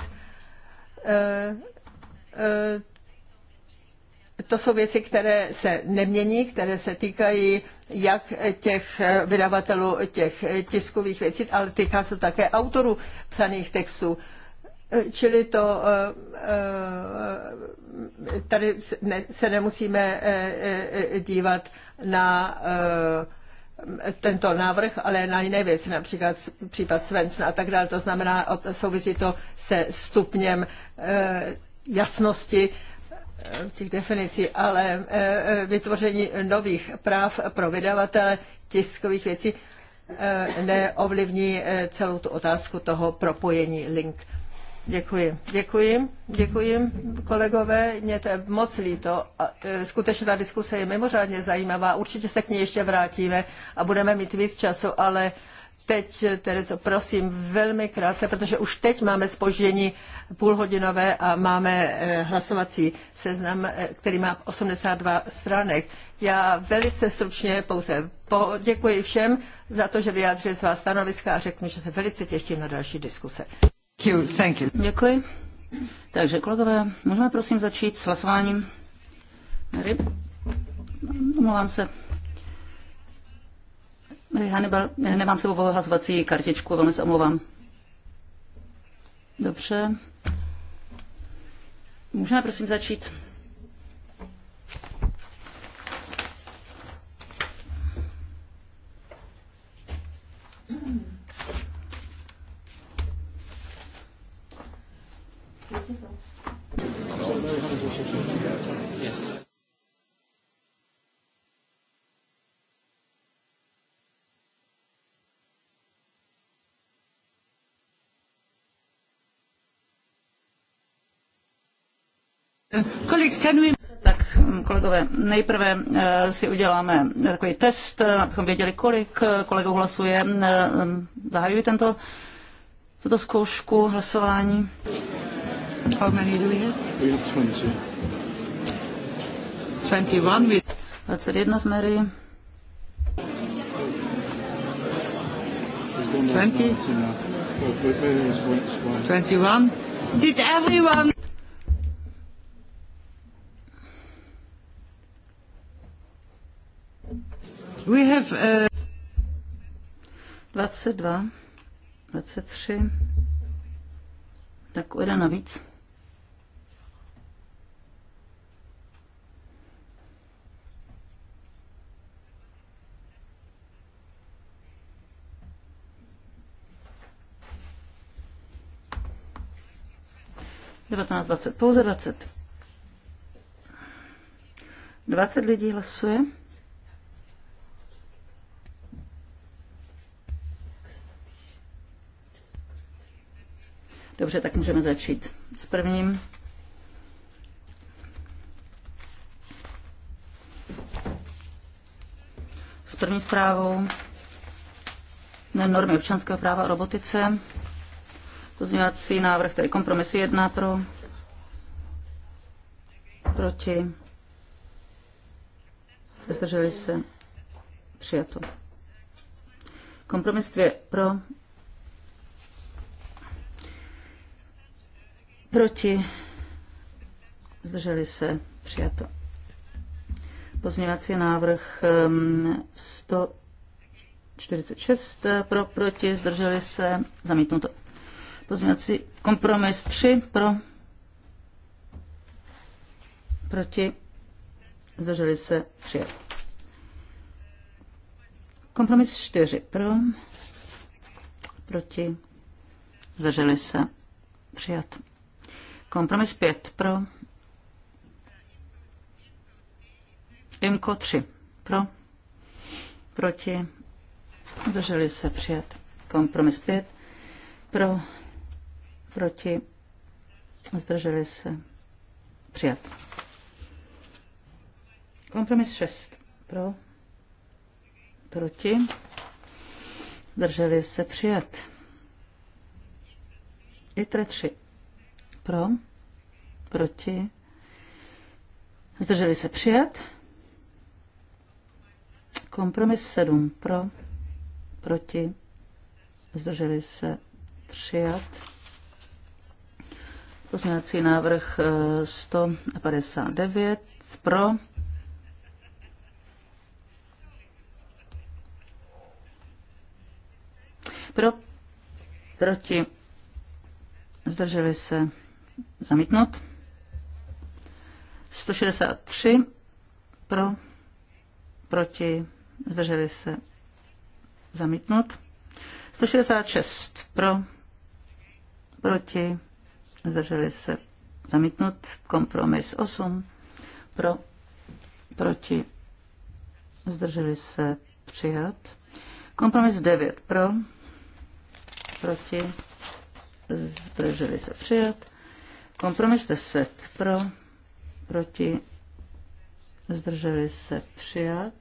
to jsou věci, které se nemění, které se týkají jak těch vydavatelů těch tiskových věcí, ale týká se také autorů psaných textů. Čili to eh, eh, tady se nemusíme eh, dívat na tento návrh, ale na jiné věci, například případ Svensson a tak dále. To znamená, souvisí to se stupněm jasnosti v těch definicí, ale e, e, vytvoření nových práv pro vydavatele tiskových věcí e, neovlivní celou tu otázku toho propojení link. Děkuji, děkuji, děkuji, kolegové, mě to je moc líto. Skutečně ta diskuse je mimořádně zajímavá, určitě se k ní ještě vrátíme a budeme mít víc času, ale teď, Terezo, prosím, velmi krátce, protože už teď máme spoždění půlhodinové a máme eh, hlasovací seznam, eh, který má 82 stránek. Já velice stručně pouze poděkuji všem za to, že vyjádřili svá stanoviska a řeknu, že se velice těším na další diskuse. Thank you. Děkuji. Takže kolegové, můžeme prosím začít s hlasováním. Omlouvám se. Hannibal, nemám sebou hlasovací kartičku, velmi se omlouvám. Dobře. Můžeme prosím začít? Tak kolegové, nejprve eh, si uděláme takový test, eh, abychom věděli, kolik eh, kolegů hlasuje. Zahajuji tento, tuto zkoušku hlasování. How many do we have? We have 20. 21 z Mary. 20? 21? Did everyone We have, uh... 22, 23, tak o jeden navíc. Devatenáct, dvacet, pouze dvacet. Dvacet lidí hlasuje. Dobře, tak můžeme začít s prvním. S první zprávou na normy občanského práva o robotice. Pozměňovací návrh, tedy kompromis jedná pro, proti, zdrželi se, přijato. Kompromis dvě pro, Proti? Zdrželi se? Přijato. Pozměňovací návrh 146 um, eh, pro, proti, zdrželi se, zamítnuto. Pozměňovací kompromis 3 pro, proti, zdrželi se, přijat. Kompromis 4 pro, proti, zdrželi se, přijat. Kompromis 5 pro. Imko 3 pro. Proti. Drželi se přijat. Kompromis 5 pro. Proti. Zdrželi se přijat. Kompromis 6 pro. Proti. Zdrželi se přijat. ITRE 3 pro? Proti? Zdrželi se přijat? Kompromis 7. Pro? Proti? Zdrželi se přijat? Pozměňovací návrh 159. Eh, pro? Pro? Proti? Zdrželi se Zamítnout. 163 pro, proti, zdrželi se. Zamítnout. 166 pro, proti, zdrželi se. Zamítnout. Kompromis 8 pro, proti, zdrželi se. Přijat. Kompromis 9 pro, proti, zdrželi se přijat. Kompromis 10 pro, proti, zdrželi se přijat.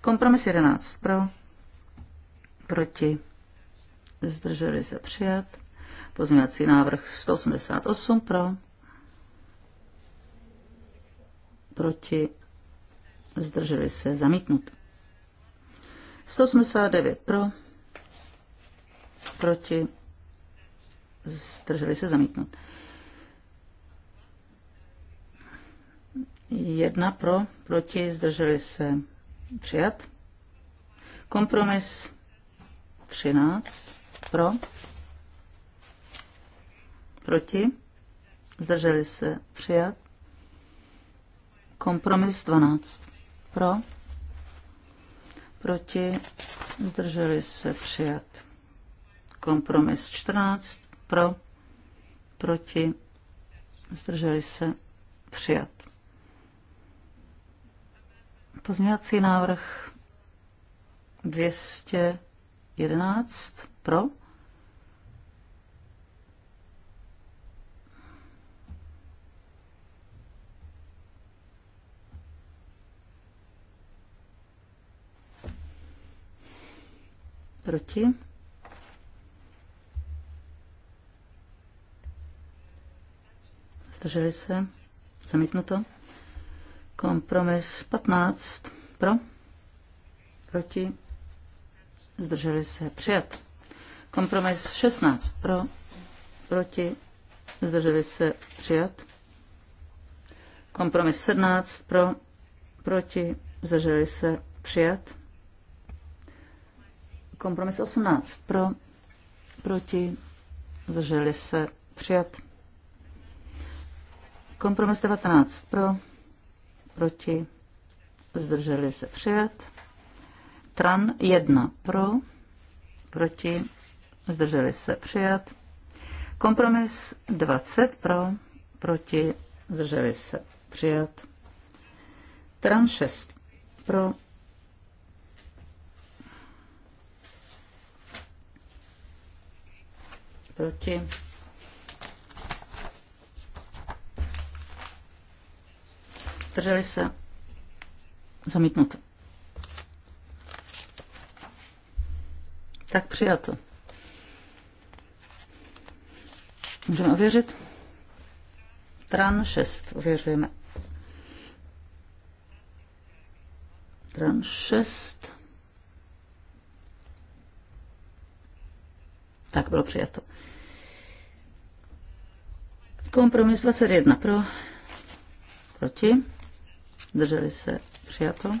Kompromis 11 pro, proti, zdrželi se přijat. Pozměňovací návrh 188 pro, proti, zdrželi se zamítnut. 189 pro, proti, zdrželi se zamítnout. Jedna pro, proti, zdrželi se přijat. Kompromis 13 pro, proti, zdrželi se přijat. Kompromis 12 pro, proti, zdrželi se přijat. Kompromis 14 pro, proti, zdrželi se, přijat. Pozměňovací návrh 211 pro, proti. zdrželi se, zamítnuto. Kompromis 15 pro, proti, zdrželi se, přijat. Kompromis 16 pro, proti, zdrželi se, přijat. Kompromis 17 pro, proti, zdrželi se, přijat. Kompromis 18 pro, proti, zdrželi se, přijat. Kompromis 19 pro, proti, zdrželi se přijat. Tran 1 pro, proti, zdrželi se přijat. Kompromis 20 pro, proti, zdrželi se přijat. Tran 6 pro, proti, Zdrželi se? Zamítnuto. Tak přijato. Můžeme ověřit? Tran 6 ověřujeme. Tran 6. Tak bylo přijato. Kompromis 21 pro, proti zdrželi se přijato.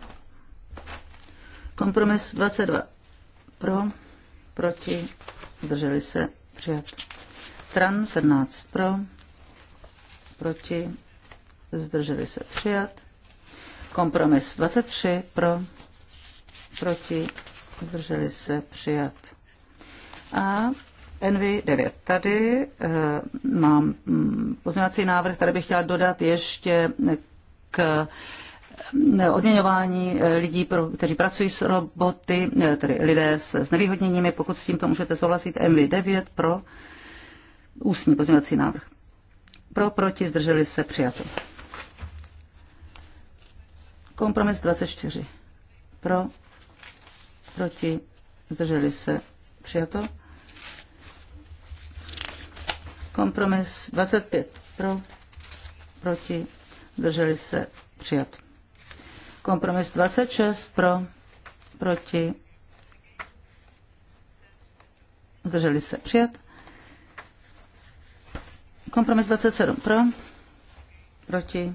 Kompromis 22 pro, proti, zdrželi se přijato. Tran 17 pro, proti, zdrželi se přijat. Kompromis 23 pro, proti, zdrželi se přijat. A NV9. Tady e, mám mm, pozměňovací návrh, tady bych chtěla dodat ještě k eh, odměňování eh, lidí, kteří pracují s roboty, eh, tedy lidé s, s nevýhodněními, pokud s tímto můžete souhlasit, MV9 pro ústní pozměňovací návrh. Pro, proti, zdrželi se, přijato. Kompromis 24. Pro, proti, zdrželi se, přijato. Kompromis 25. Pro, proti, zdrželi se přijat. Kompromis 26 pro, proti, zdrželi se přijat. Kompromis 27 pro, proti,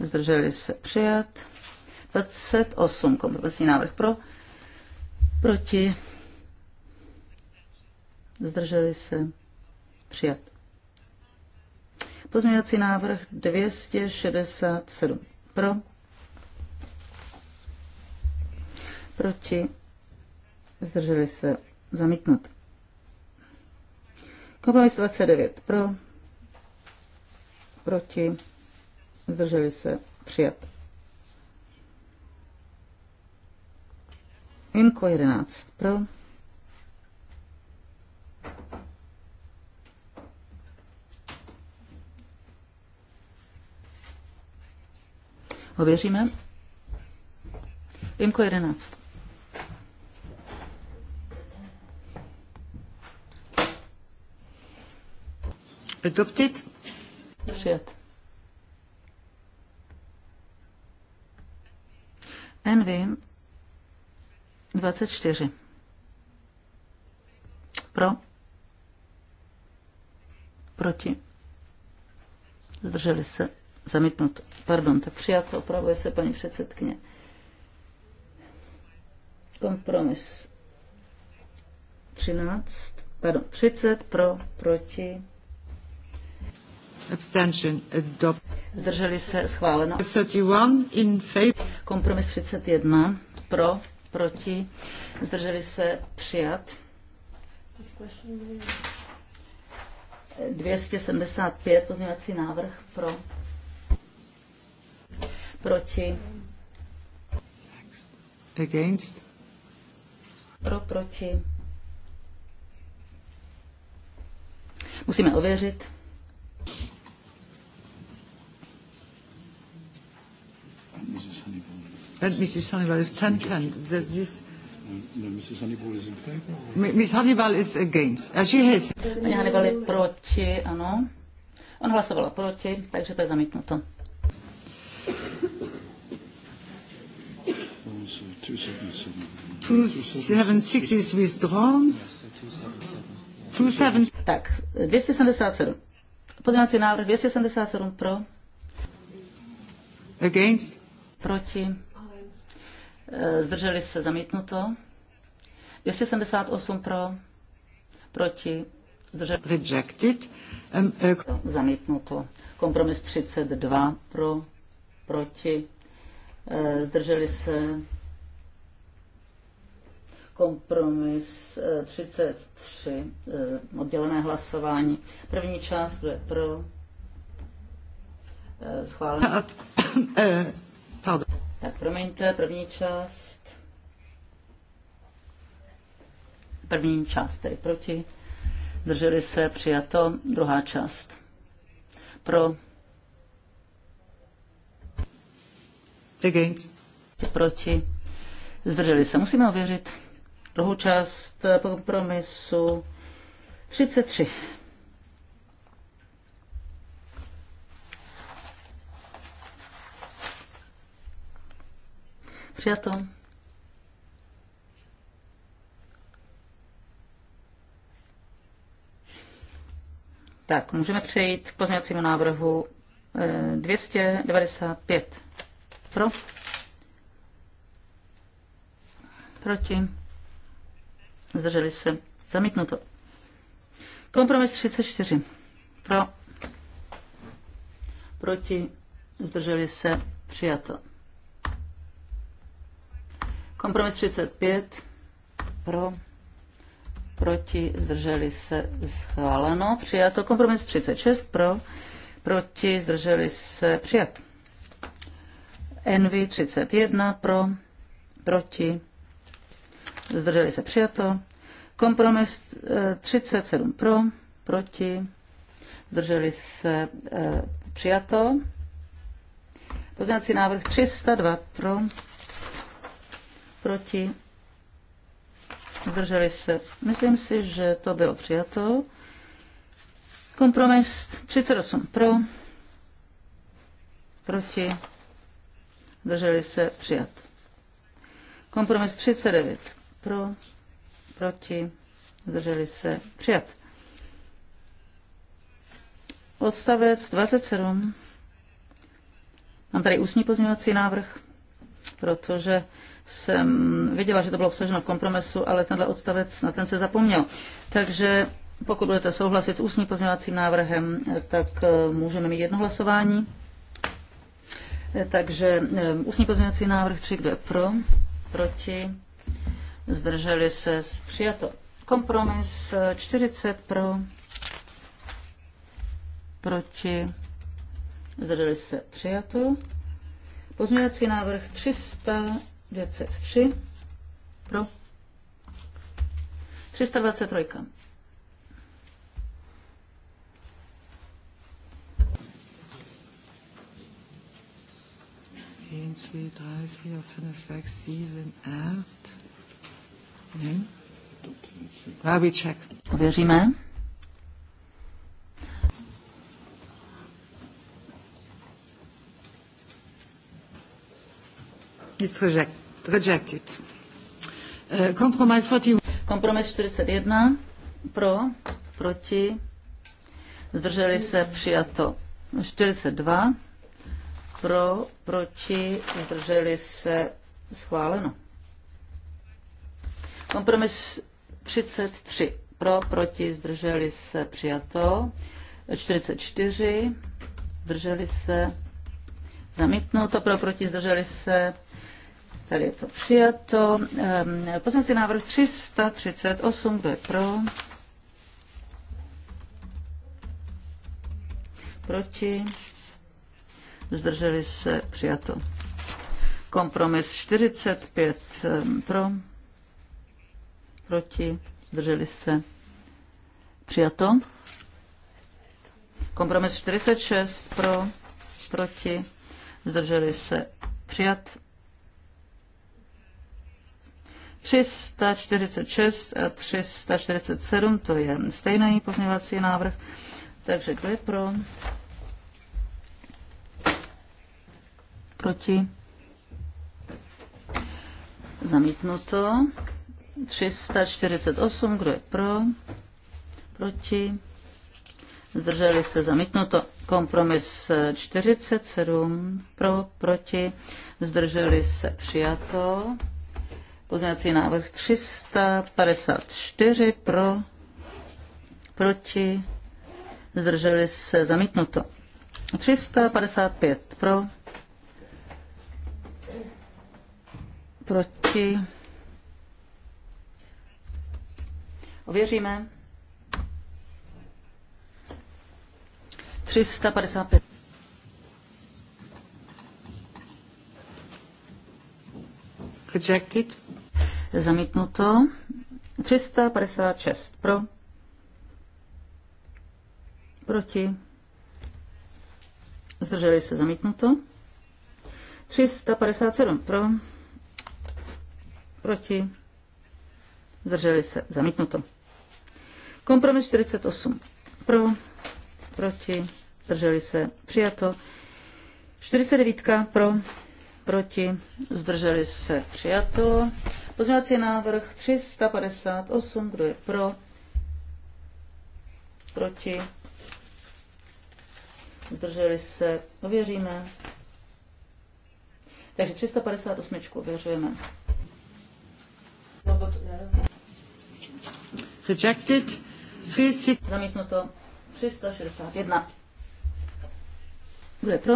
zdrželi se přijat. 28 kompromisní návrh pro, proti, zdrželi se přijat. Pozměňovací návrh 267 pro, proti, zdrželi se zamítnout. Kompromis 29 pro, proti, zdrželi se přijat. Inko 11 pro, Ověříme. Imko 11. Adopted. Přijat. Envy 24. Pro. Proti. Zdrželi se. Zamítnut. Pardon, tak přijat. Opravuje se paní předsedkyně. Kompromis. 13. Pardon, 30 pro, proti. Abstention. Adopt. Zdrželi se schváleno. 31 in favor. Kompromis 31 pro, proti. Zdrželi se přijat. 275 pozměňovací návrh pro, proti, against, pro, proti. Musíme ověřit. And Mrs. Hannibal is 10 10. This, No, no Mrs. Hannibal is in favor. Miss Hannibal is against. As she has. Paní Hannibal je proti, ano. On hlasovala proti, takže to je zamítnuto. 276 is withdrawn. Tak, 277. Pozměňovací návrh 277 pro. Against. Proti. Eh, zdrželi se zamítnuto. 278 pro. Proti. Zdrželi. Rejected. Um, uh... Zamítnuto. Kompromis 32 pro. Proti. Eh, zdrželi se Kompromis 33, eh, eh, oddělené hlasování. První část bude pro. Eh, schválení. Tak promiňte, první část. První část tedy proti. Drželi se, přijato. Druhá část. Pro. Against. Proti. Zdrželi se. Musíme ověřit druhou část eh, kompromisu 33. Přijato. Tak, můžeme přejít k pozměňovacímu návrhu 295. Eh, Pro? Proti? zdrželi se, zamítnuto. Kompromis 34. Pro, proti, zdrželi se, přijato. Kompromis 35. Pro, proti, zdrželi se, schváleno, přijato. Kompromis 36. Pro, proti, zdrželi se, přijato. NV 31. Pro, proti, zdrželi se přijato. Kompromis 37 eh, pro, proti, zdrželi se eh, přijato. Pozměňovací návrh 302 pro, proti, zdrželi se. Myslím si, že to bylo přijato. Kompromis 38 pro, proti, zdrželi se přijat. Kompromis 39 pro, proti, zdrželi se, přijat. Odstavec 27. Mám tady ústní pozměňovací návrh, protože jsem viděla, že to bylo obsaženo v kompromisu, ale tenhle odstavec, na ten se zapomněl. Takže pokud budete souhlasit s ústním pozměňovacím návrhem, tak eh, můžeme mít jedno hlasování. Eh, takže eh, ústní pozměňovací návrh 3, kdo je pro, proti, zdrželi se přijato. Kompromis 40 pro, proti, zdrželi se přijato. Pozměňovací návrh 323 pro, 323. Eins, zwei, drei, vier, fünf, sechs, sieben, acht. Hmm? Věříme. It's reject, rejected. Uh, Kompromis 41. Kompromis 41. Pro, proti, zdrželi se, přijato. 42. Pro, proti, zdrželi se, schváleno. Kompromis 33 pro, proti, zdrželi se, přijato. 44, zdrželi se, zamítnuto, pro, proti, zdrželi se, tady je to přijato. Ehm, poslanci návrh 338, kdo je pro? Proti, zdrželi se, přijato. Kompromis 45 ehm, pro, proti, zdrželi se, přijato. Kompromis 46 pro, proti, zdrželi se, přijat. 346 a 347, to je stejný pozměňovací návrh. Takže kdo je pro? Proti? Zamítnuto. 348, kdo je pro, proti, zdrželi se zamítnuto. Kompromis 47, pro, proti, zdrželi se přijato. Pozměňovací návrh 354, pro, proti, zdrželi se zamítnuto. 355 pro, proti, Ověříme. 355. Rejected. Zamítnuto. 356 pro. Proti. Zdrželi se zamítnuto. 357 pro. Proti. Zdrželi se zamítnuto. Kompromis 48 pro, proti, zdrželi se, přijato. 49 pro, proti, zdrželi se, přijato. Pozměňovací návrh 358, kdo je pro, proti, zdrželi se, ověříme. Takže 358 ověřujeme. Rejected. Zamítnuto 361. Kdo je pro?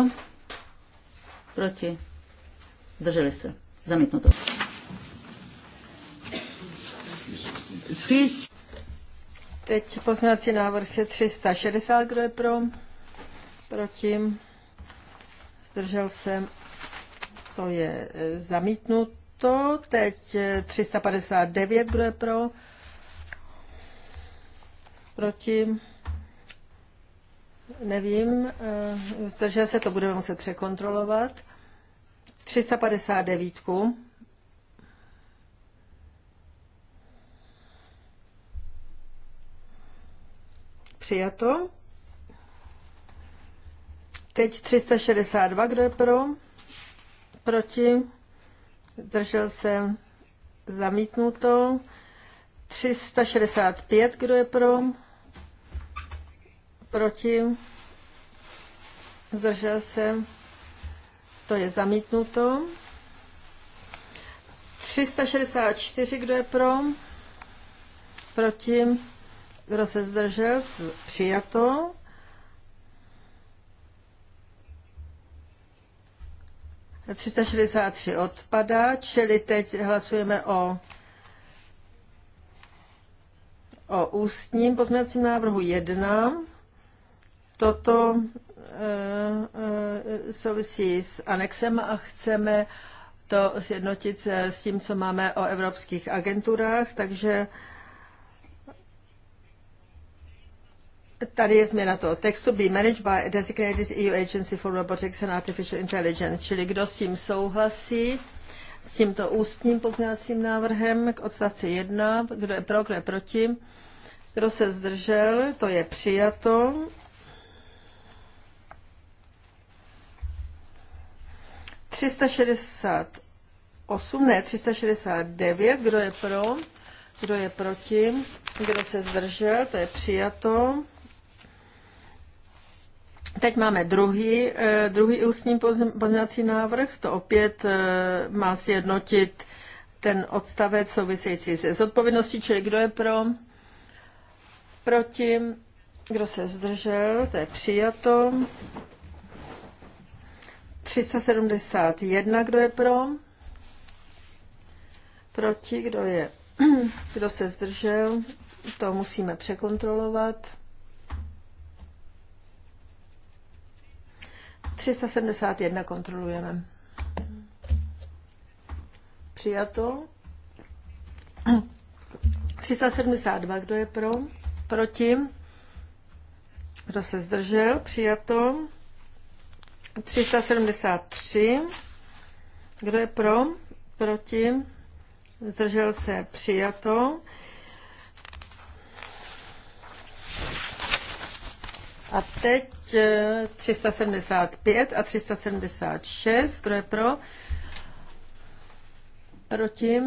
Proti? Zdrželi se. Zamítnuto. Teď poznací návrh je 360. Kdo je pro? Proti? Zdržel se. To je e, zamítnuto. Teď 359. E, Kdo je pro? Proti? Nevím, eh, zdržel se, to budeme muset překontrolovat. 359. Přijato. Teď 362, kdo je pro? Proti? Zdržel se, zamítnuto. 365, kdo je pro? proti, zdržel se, to je zamítnuto. 364, kdo je pro, proti, kdo se zdržel, přijato. 363 odpadá, čili teď hlasujeme o, o ústním pozměňovacím návrhu 1. Toto eh, eh, souvisí s anexem a chceme to sjednotit s tím, co máme o evropských agenturách, takže Tady je změna toho textu Be managed by designated EU Agency for Robotics and Artificial Intelligence, čili kdo s tím souhlasí, s tímto ústním pozměňovacím návrhem k odstavci 1, kdo je pro, kdo je proti, kdo se zdržel, to je přijato 368, ne, 369, kdo je pro, kdo je proti, kdo se zdržel, to je přijato. Teď máme druhý, eh, druhý ústní pozměňovací návrh, to opět eh, má sjednotit ten odstavec související se zodpovědností, čili kdo je pro, proti, kdo se zdržel, to je přijato. 371, kdo je pro? Proti, kdo je? Kdo se zdržel? To musíme překontrolovat. 371 kontrolujeme. Přijato. 372, kdo je pro? Proti? Kdo se zdržel? Přijato. 373. Kdo je pro? Proti? Zdržel se přijato. A teď 375 eh, a 376. Kdo je pro? Proti?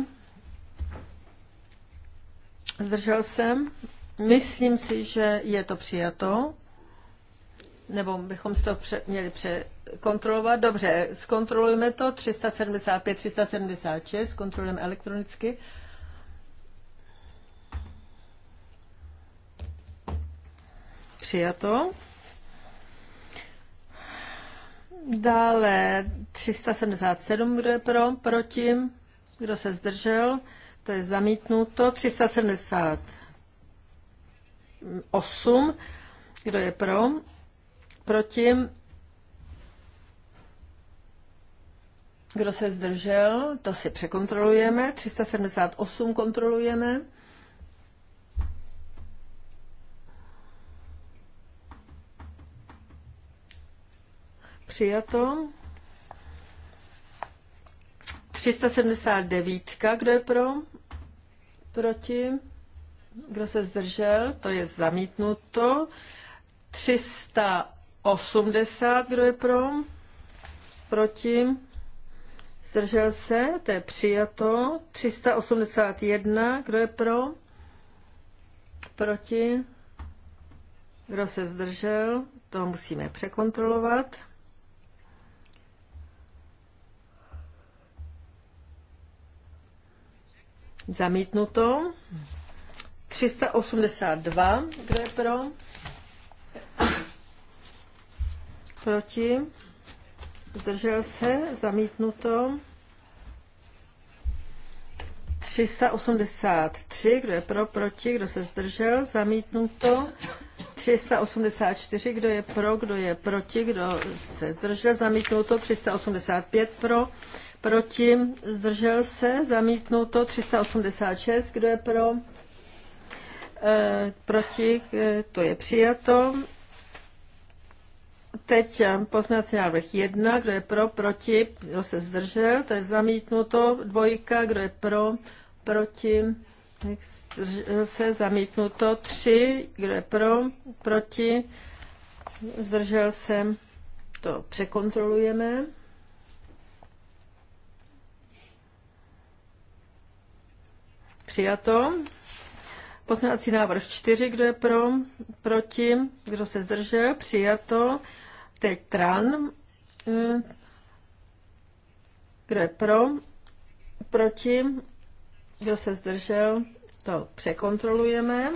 Zdržel jsem. Myslím si, že je to přijato nebo bychom si to pře, měli překontrolovat. Dobře, zkontrolujeme to, 375, 376, zkontrolujeme elektronicky. Přijato. Dále 377, kdo je pro, proti, kdo se zdržel, to je zamítnuto. 378, kdo je pro, Proti? Kdo se zdržel? To si překontrolujeme. 378 kontrolujeme. Přijato. 379. Kdo je pro? Proti? Kdo se zdržel? To je zamítnuto. 300 80, kdo je pro? Proti? Zdržel se, to je přijato. 381, kdo je pro? Proti? Kdo se zdržel? To musíme překontrolovat. Zamítnuto. 382, kdo je pro? proti, zdržel se, zamítnuto. 383, kdo je pro, proti, kdo se zdržel, zamítnuto. 384, kdo je pro, kdo je proti, kdo se zdržel, zamítnuto. 385 pro, proti, zdržel se, zamítnuto. 386, kdo je pro, e, proti, e, to je přijato. Teď eh, poznací návrh 1, kdo je pro, proti, kdo se zdržel, to je zamítnuto. Dvojka, kdo je pro, proti, zdržel se, zamítnuto. Tři, kdo je pro, proti, zdržel se, to překontrolujeme. Přijato. Poznací návrh 4, kdo je pro, proti, kdo se zdržel, přijato. Tetran, tran. Eh, pro? Proti? Kdo se zdržel? To překontrolujeme.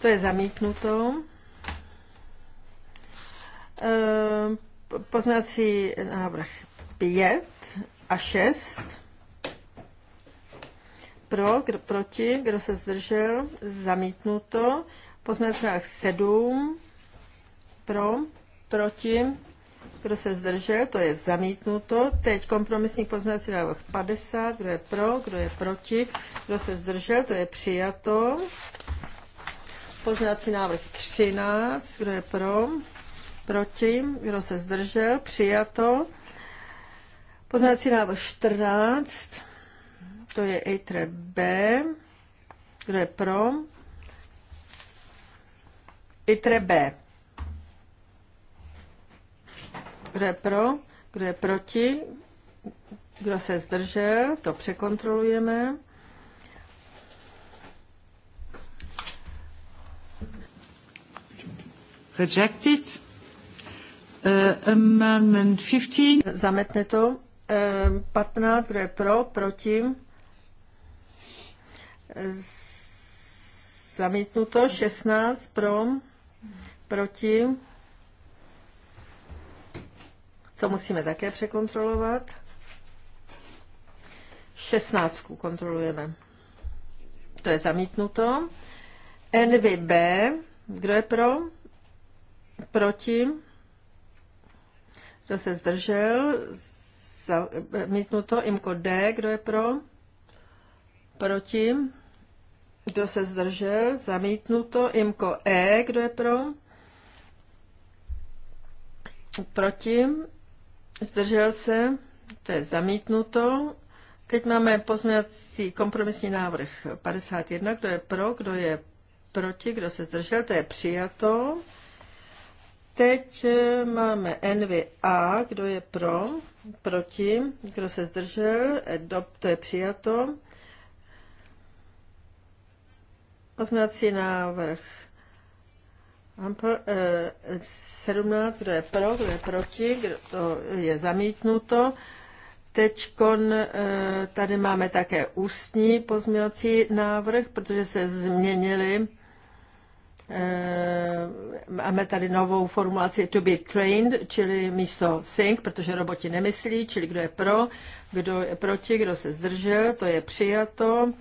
To je zamítnuto. Eh, Poznací návrh 5 a 6. Pro, kdo, proti, kdo se zdržel, zamítnuto. Pozměňovací návrh 7. Pro, proti, kdo se zdržel, to je zamítnuto. Teď kompromisní pozměňovací návrh 50. Kdo je pro, kdo je proti, kdo se zdržel, to je přijato. Pozměňovací návrh 13. Kdo je pro, proti, kdo se zdržel, přijato. Pozměňovací návrh 14, to je ITRE B. Kdo je pro? ITRE B. Kdo je pro? Kdo je proti? Kdo se zdržel? To překontrolujeme. Rejected. Uh, amendment 15. Zametne to. 15, kdo je pro, proti, zamítnuto, 16 pro, proti, to musíme také překontrolovat. 16 kontrolujeme. To je zamítnuto. NVB, kdo je pro? Proti. Kdo se zdržel? zamítnuto. Eh, Imko D, kdo je pro? Proti? Kdo se zdržel? Zamítnuto. Imko E, kdo je pro? Proti? Zdržel se? To je zamítnuto. Teď máme pozměňovací kompromisní návrh 51. Kdo je pro, kdo je proti, kdo se zdržel, to je přijato. Teď eh, máme NVA, kdo je pro, proti, kdo se zdržel, to je přijato. Poznací návrh 17, eh, kdo je pro, kdo je proti, kdo to je zamítnuto. Teď eh, tady máme také ústní pozměňovací návrh, protože se změnily Eh, máme tady novou formulaci to be trained, čili místo think, protože roboti nemyslí, čili kdo je pro, kdo je proti, kdo se zdržel, to je přijato.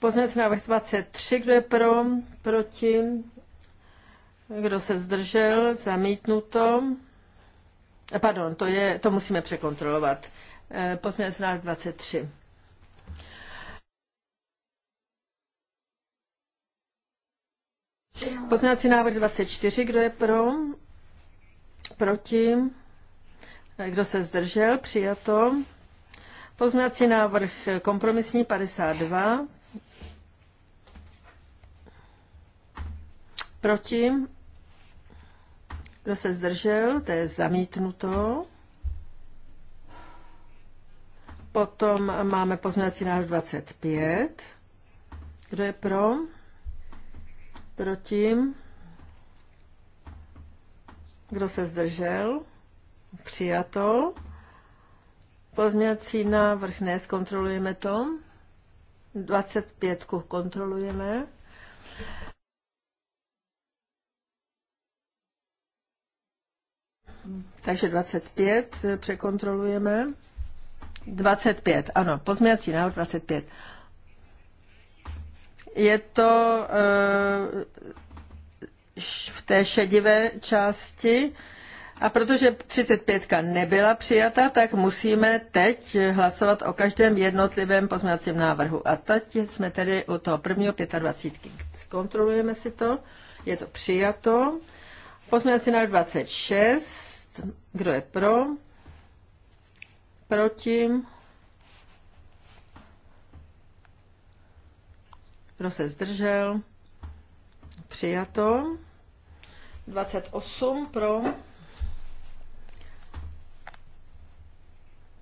Pozměnit návrh 23, kdo je pro, proti, kdo se zdržel, zamítnuto. Eh, pardon, to, je, to musíme překontrolovat. Eh, Pozměnit návrh 23. Poznací návrh 24, kdo je pro? Proti? Kdo se zdržel? Přijato. Poznací návrh kompromisní 52. Proti? Kdo se zdržel? To je zamítnuto. Potom máme poznací návrh 25. Kdo je pro? Proti? Kdo se zdržel? Přijato. Pozměňovací návrh ne, zkontrolujeme to. 25 kontrolujeme. Takže 25 eh, překontrolujeme. 25, ano, pozměňovací návrh 25. Je to eh, v té šedivé části. A protože 35 nebyla přijata, tak musíme teď hlasovat o každém jednotlivém pozměňovacím návrhu. A teď jsme tedy u toho prvního 25. Zkontrolujeme si to. Je to přijato. Pozměňovací návrh 26. Kdo je pro? Proti? Kdo se zdržel? Přijato. 28 pro.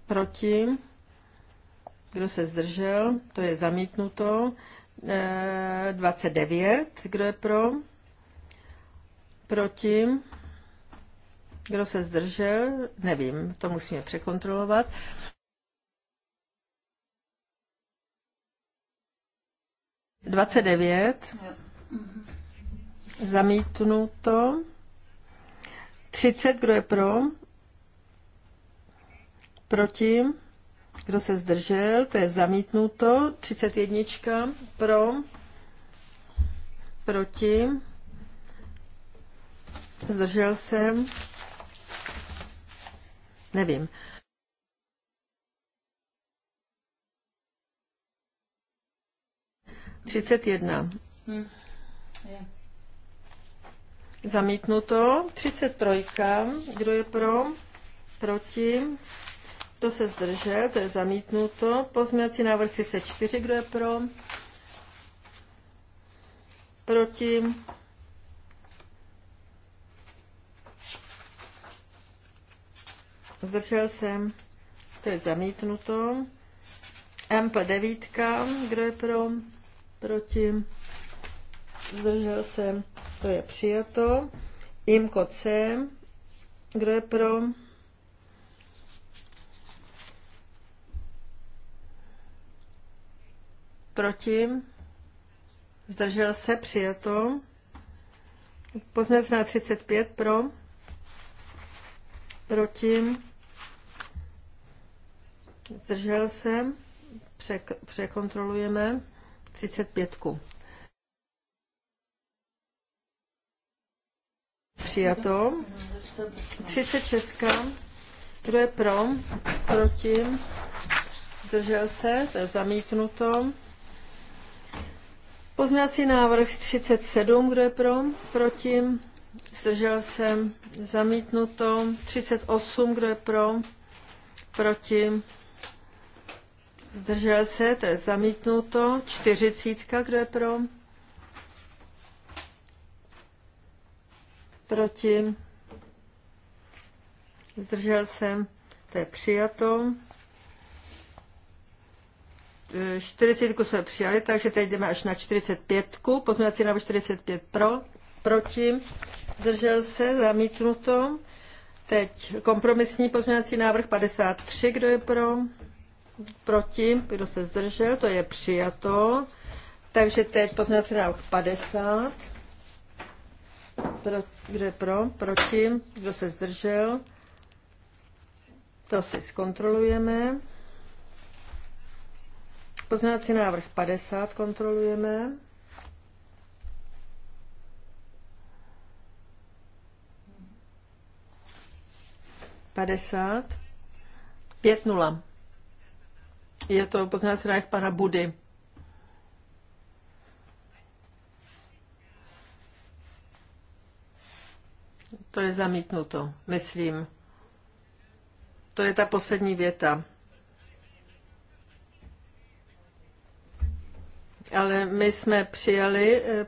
Proti. Kdo se zdržel? To je zamítnuto. 29. E, Kdo je pro? Proti. Kdo se zdržel? Nevím, to musíme překontrolovat. 29. Zamítnuto. 30. Kdo je pro? Proti? Kdo se zdržel? To je zamítnuto. 31. Pro? Proti? Zdržel jsem? Nevím. 31. Hmm. Je. Zamítnuto. 33. Kdo je pro? Proti? Kdo se zdržel? To je zamítnuto. Pozměňovací návrh 34. Kdo je pro? Proti? Zdržel jsem. To je zamítnuto. MP9. Kdo je pro? proti, zdržel se, to je přijato. Imko C, kdo je pro, proti, zdržel se, přijato. Pozměnit na 35 pro, proti, zdržel se, Přek, překontrolujeme. 35. Přijato. 36. Kdo je pro? Proti? Zdržel se? To je zamítnuto. Pozměňovací návrh 37. Kdo je pro? Proti? Zdržel se? Zamítnuto. 38. Kdo je pro? Proti? Zdržel se, to je zamítnuto. Čtyřicítka, kdo je pro? Proti? Zdržel se, to je přijato. Čtyřicítku jsme přijali, takže teď jdeme až na 45. Pozměňovací návrh 45 pro, proti, zdržel se, zamítnuto. Teď kompromisní pozměňovací návrh 53, kdo je pro? proti, kdo se zdržel, to je přijato. Takže teď pozměňovací návrh 50. Pro, kde pro, proti, kdo se zdržel, to si zkontrolujeme. Pozměňovací návrh 50 kontrolujeme. Padesát. Pět nula. Je to poznávací návrh pana Budy. To je zamítnuto, myslím. To je ta poslední věta. Ale my jsme přijali, eh,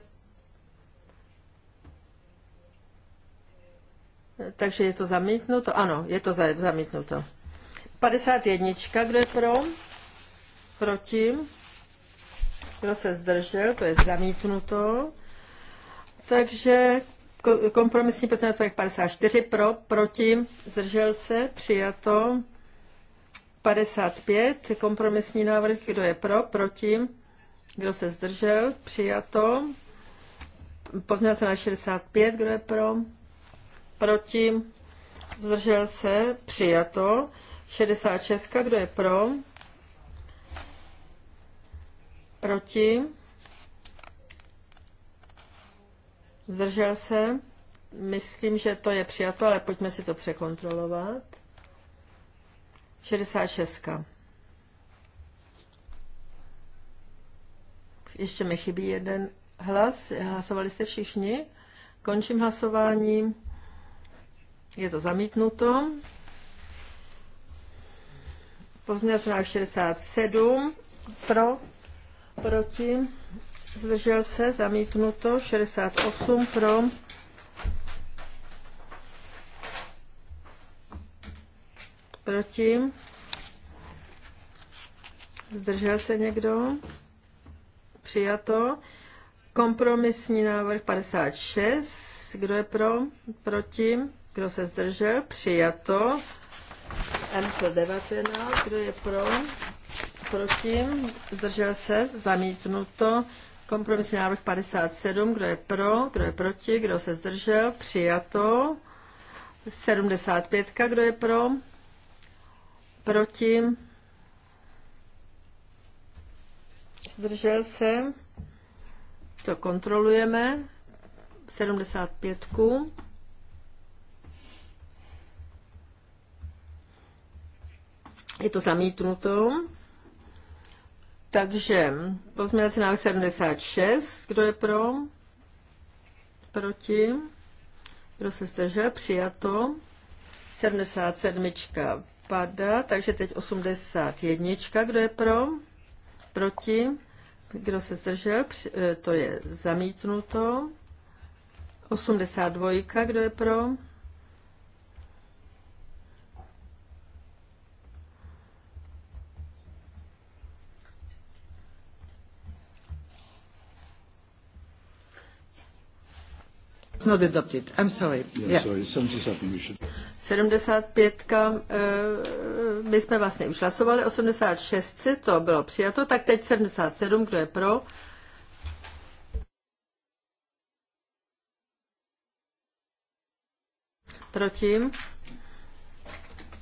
takže je to zamítnuto? Ano, je to zamítnuto. 51. Kdo je pro? proti, kdo se zdržel, to je zamítnuto. Takže kompromisní pozměňovací 54 pro, proti, zdržel se, přijato. 55, kompromisní návrh, kdo je pro, proti, kdo se zdržel, přijato. Pozměňovací na 65, kdo je pro, proti, zdržel se, přijato. 66, kdo je pro, Proti? Zdržel se? Myslím, že to je přijato, ale pojďme si to překontrolovat. 66. Ještě mi chybí jeden hlas. Hlasovali jste všichni? Končím hlasování. Je to zamítnuto. Pozměňovací jsem 67 pro, proti, zdržel se, zamítnuto, 68 pro, proti, zdržel se někdo, přijato, kompromisní návrh 56, kdo je pro, proti, kdo se zdržel, přijato, M19, kdo je pro, proti, zdržel se, zamítnuto. Kompromisní návrh 57, kdo je pro, kdo je proti, kdo se zdržel, přijato. 75, kdo je pro, proti, zdržel se, to kontrolujeme, 75. -ku. Je to zamítnuto. Takže pozměňovací návrh 76, kdo je pro? Proti? Kdo se zdržel? Přijato. 77 pada, takže teď 81, kdo je pro? Proti? Kdo se zdržel? Eh, to je zamítnuto. 82, kdo je pro? It's not adopted. I'm sorry. Yeah, yeah. sorry. 77 we should... 75 eh, my jsme vlastně už hlasovali, 86 to bylo přijato, tak teď 77, kdo je pro? Proti?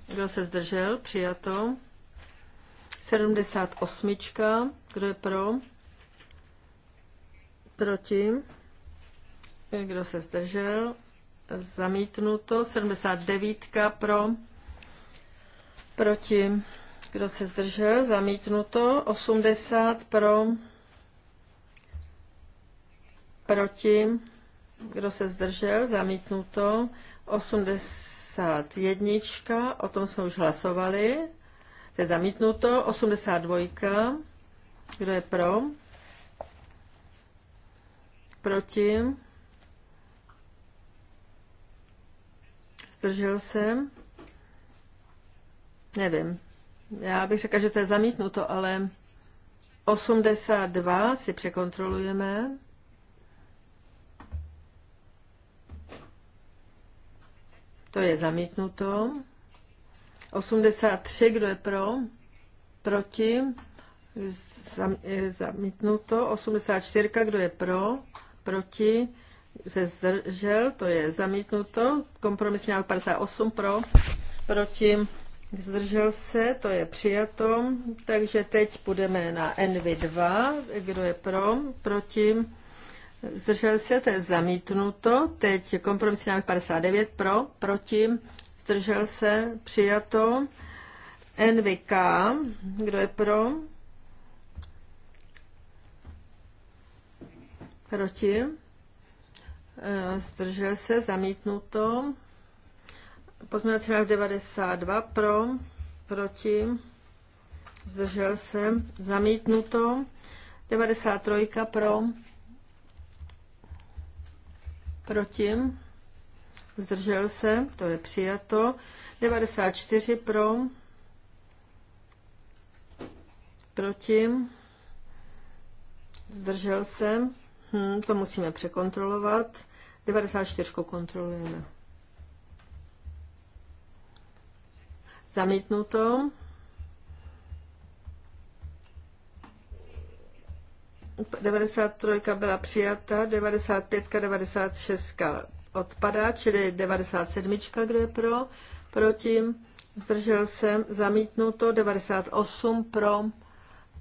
Kdo se zdržel? Přijato. 78. Kdo je pro? Proti? Kdo se zdržel? Zamítnuto. 79 pro. Proti. Kdo se zdržel? Zamítnuto. 80 pro. Proti. Kdo se zdržel? Zamítnuto. 81. O tom jsme už hlasovali. To je zamítnuto. 82. Kdo je pro? Proti. zdržel se, nevím, já bych řekla, že to je zamítnuto, ale 82 si překontrolujeme. To je zamítnuto. 83, kdo je pro? Proti? Zamítnuto. 84, kdo je pro? Proti? se zdržel, to je zamítnuto. Kompromisní návrh 58 pro, proti, zdržel se, to je přijato. Takže teď půjdeme na NV2, kdo je pro, proti, zdržel se, to je zamítnuto. Teď kompromisní návrh 59 pro, proti, zdržel se, přijato. NVK, kdo je pro, proti, Eh, zdržel se, zamítnuto. Pozměnací návrh 92 pro, proti, zdržel se, zamítnuto. 93 pro, proti, zdržel se, to je přijato. 94 pro, proti, zdržel se, Hmm, to musíme překontrolovat. 94 kontrolujeme. Zamítnuto. P- 93 byla přijata, 95, 96 odpadá, čili 97, kdo je pro, proti, zdržel se, zamítnuto, 98 pro,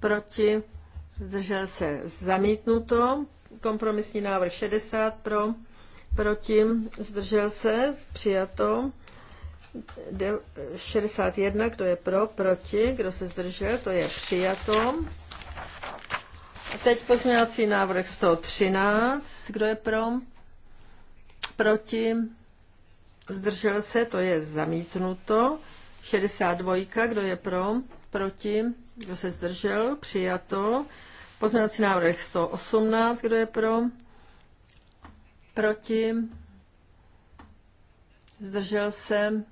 proti, zdržel se, zamítnuto. Kompromisní návrh 60 pro, proti, zdržel se, přijato. 61, kdo je pro, proti, kdo se zdržel, to je přijato. A teď pozměňovací návrh 113, kdo je pro, proti, zdržel se, to je zamítnuto. 62, kdo je pro, proti, kdo se zdržel, přijato. Pozměňovací návrh 118, kdo je pro? Proti? Zdržel se?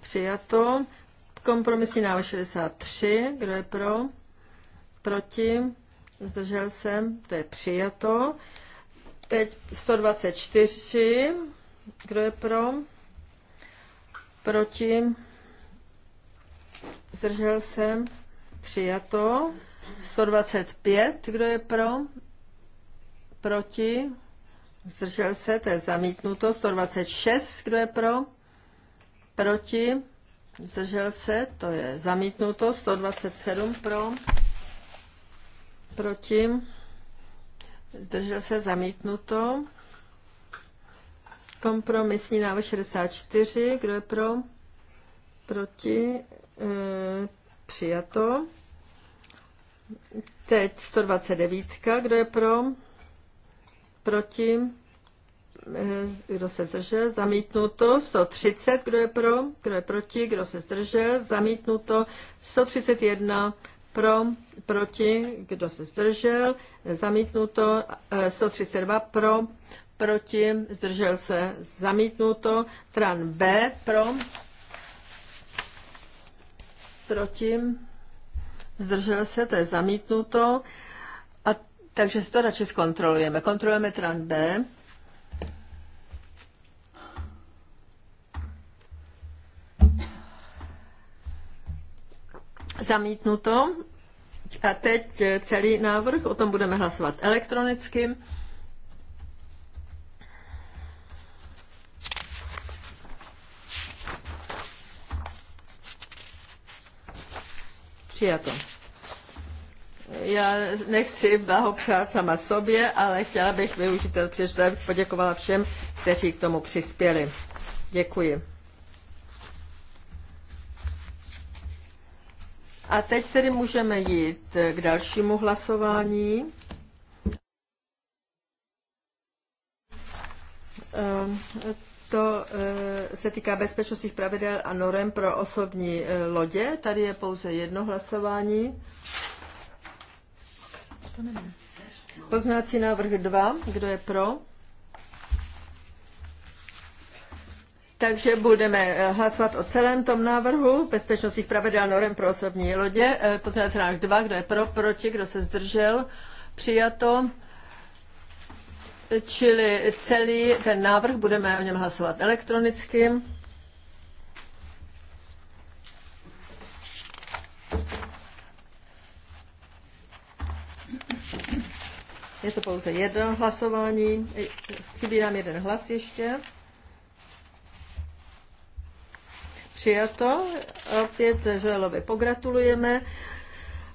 Přijato. Kompromisní návrh 63, kdo je pro? Proti? Zdržel se? To je přijato. Teď 124, kdo je pro? Proti? Zdržel se? Přijato. 125, kdo je pro? Proti? Zdržel se, to je zamítnuto. 126, kdo je pro? Proti? Zdržel se, to je zamítnuto. 127 pro? Proti? Zdržel se, zamítnuto. Kompromisní návrh 64, kdo je pro? Proti? E, přijato. Teď 129. Kdo je pro? Proti? Eh, kdo se zdržel? Zamítnuto. 130. Kdo je pro? Kdo je proti? Kdo se zdržel? Zamítnuto. 131. Pro, proti, kdo se zdržel, zamítnuto, 132 eh, pro, proti, zdržel se, zamítnuto, tran B pro, proti, zdržel se, to je zamítnuto. A takže si to radši zkontrolujeme. Kontrolujeme tran B. Zamítnuto. A teď celý návrh, o tom budeme hlasovat elektronicky. Přijato. Já nechci blahopřát sama sobě, ale chtěla bych využít ten příležitost, abych poděkovala všem, kteří k tomu přispěli. Děkuji. A teď tedy můžeme jít k dalšímu hlasování. Ehm, to eh, se týká bezpečnostních pravidel a norem pro osobní eh, lodě. Tady je pouze jedno hlasování. Pozměňovací návrh 2. Kdo je pro? Takže budeme eh, hlasovat o celém tom návrhu bezpečnostních pravidel norem pro osobní lodě. Pozměňovací návrh 2. Kdo je pro? Proti? Kdo se zdržel? Přijato čili celý ten návrh budeme o něm hlasovat elektronicky. Je to pouze jedno hlasování, chybí nám jeden hlas ještě. Přijato, opět Joelovi pogratulujeme.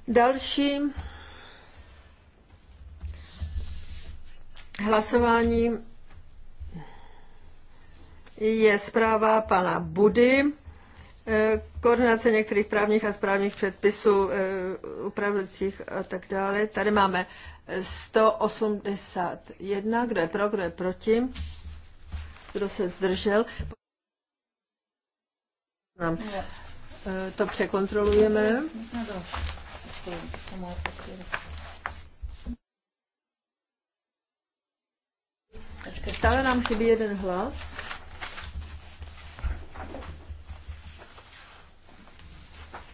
Další Hlasování je zpráva pana Budy. E, koordinace některých právních a správních předpisů e, upravujících a tak dále. Tady máme 181. Kdo je pro, kdo je proti? Kdo se zdržel? E, to překontrolujeme. Počkej, stále nám chybí jeden hlas.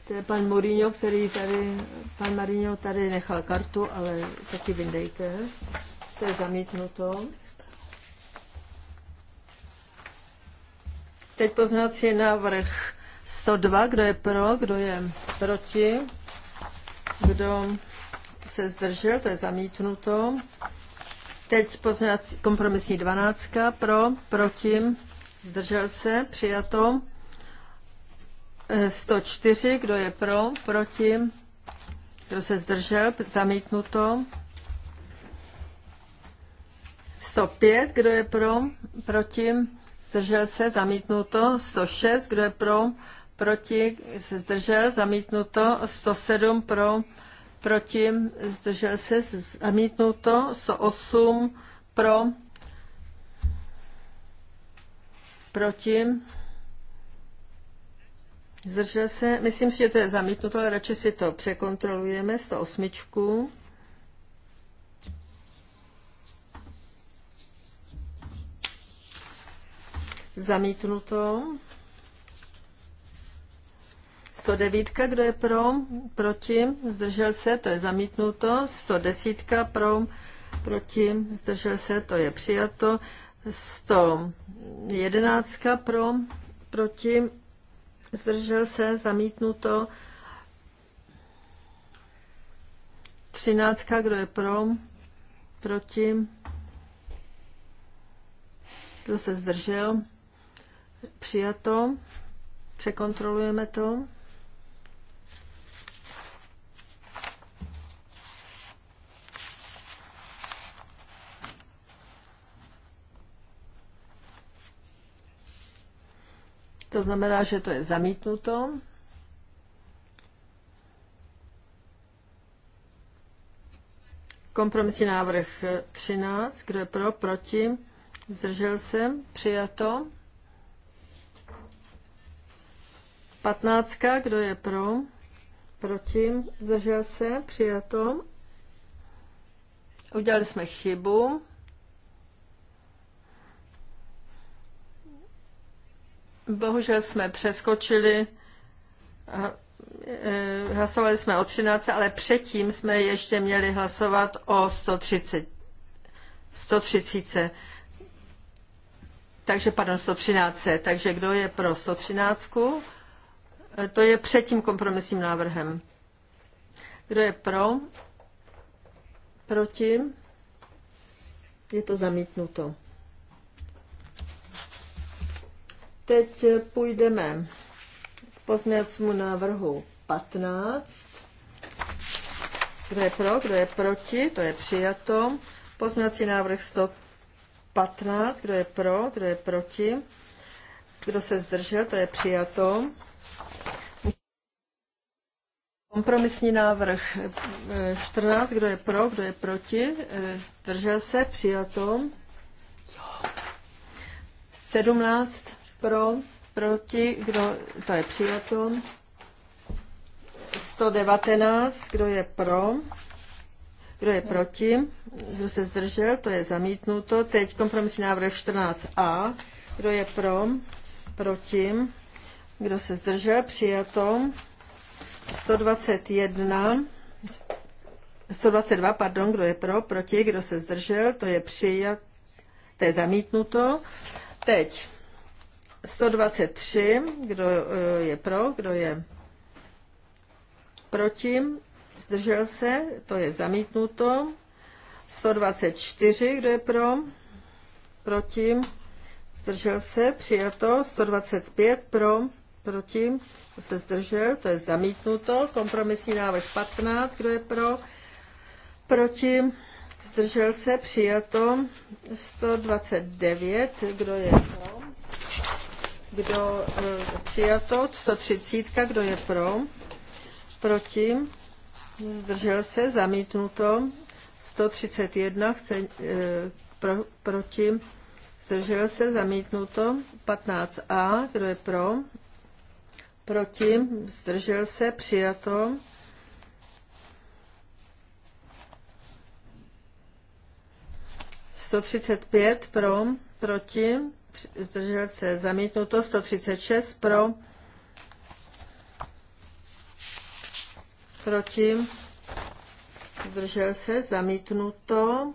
To je pan Mourinho, který tady, pan Mourinho tady nechal kartu, ale taky vyndejte. To je zamítnuto. Teď poznací návrh 102, kdo je pro, kdo je proti, kdo se zdržel, to je zamítnuto. Teď kompromisní dvanáctka pro, proti, zdržel se, přijato. 104, e, kdo je pro, proti, kdo se zdržel, zamítnuto. 105, kdo je pro, proti, zdržel se, zamítnuto. 106, kdo je pro, proti, se zdržel, zamítnuto. 107 pro, proti, zdržel se, zamítnul to, so 8 pro, proti, zdržel se, myslím si, že to je zamítnuto, ale radši si to překontrolujeme, 108. Zamítnuto. 109, kdo je pro, proti, zdržel se, to je zamítnuto. 110 pro, proti, zdržel se, to je přijato. 111 pro, proti, zdržel se, zamítnuto. 13, kdo je pro, proti, kdo se zdržel, přijato, překontrolujeme to. to znamená, že to je zamítnuto. Kompromisní návrh 13, kdo je pro, proti, zdržel se, přijato. 15, kdo je pro, proti, zdržel se, přijato. Udělali jsme chybu. Bohužel jsme přeskočili, e, hlasovali jsme o 13, ale předtím jsme ještě měli hlasovat o 130. 130. Takže, pardon, 113. Takže kdo je pro 113? E, to je před tím kompromisním návrhem. Kdo je pro? Proti? Je to zamítnuto. Teď půjdeme k pozměňovacímu návrhu 15. Kdo je pro, kdo je proti, to je přijato. Pozměňovací návrh 115, kdo je pro, kdo je proti, kdo se zdržel, to je přijato. Kompromisní návrh 14, eh, kdo je pro, kdo je proti, eh, zdržel se, přijato. 17 pro, proti, kdo, to je přijato. 119, kdo je pro, kdo je proti, kdo se zdržel, to je zamítnuto. Teď kompromisní návrh 14a, kdo je pro, proti, kdo se zdržel, přijato. 121, 122, pardon, kdo je pro, proti, kdo se zdržel, to je přijat, to je zamítnuto. Teď 123, kdo eh, je pro, kdo je proti, zdržel se, to je zamítnuto. 124, kdo je pro, proti, zdržel se, přijato. 125 pro, proti, se zdržel, to je zamítnuto. Kompromisní návrh 15, kdo je pro, proti, zdržel se, přijato. 129, kdo je pro kdo eh, přijato, 130, kdo je pro, proti, zdržel se, zamítnuto, 131, chce, eh, pro, proti, zdržel se, zamítnuto, 15a, kdo je pro, proti, zdržel se, přijato, Sto třicet pět pro, proti, zdržel se zamítnuto 136 pro, proti, zdržel se zamítnuto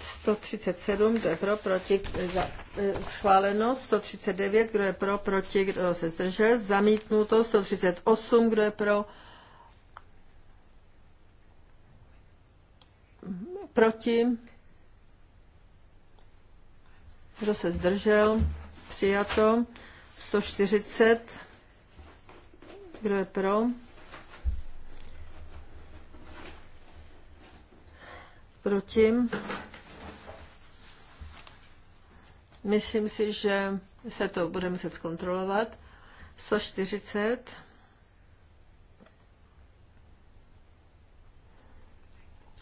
137, kdo je pro, proti, za, eh, schváleno 139, kdo je pro, proti, kdo se zdržel, zamítnuto 138, kdo je pro, proti, kdo se zdržel? Přijato. 140. Kdo je pro? Proti? Myslím si, že se to bude muset zkontrolovat. 140.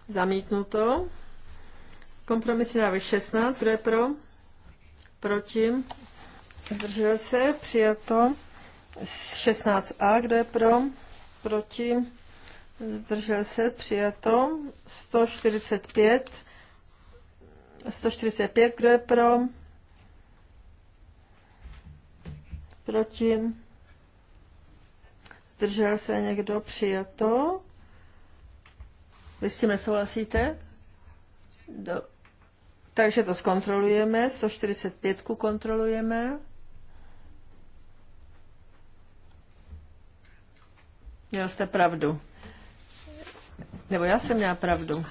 Zamítnuto. Kompromisní návrh 16. Kdo je pro? proti, zdržel se, přijato 16a, kdo je pro, proti, zdržel se, přijato 145, 145, kdo je pro, proti, zdržel se někdo, přijato, vy s tím nesouhlasíte? Do, takže to zkontrolujeme, 145 kontrolujeme. Měl jste pravdu. Nebo já jsem měla pravdu.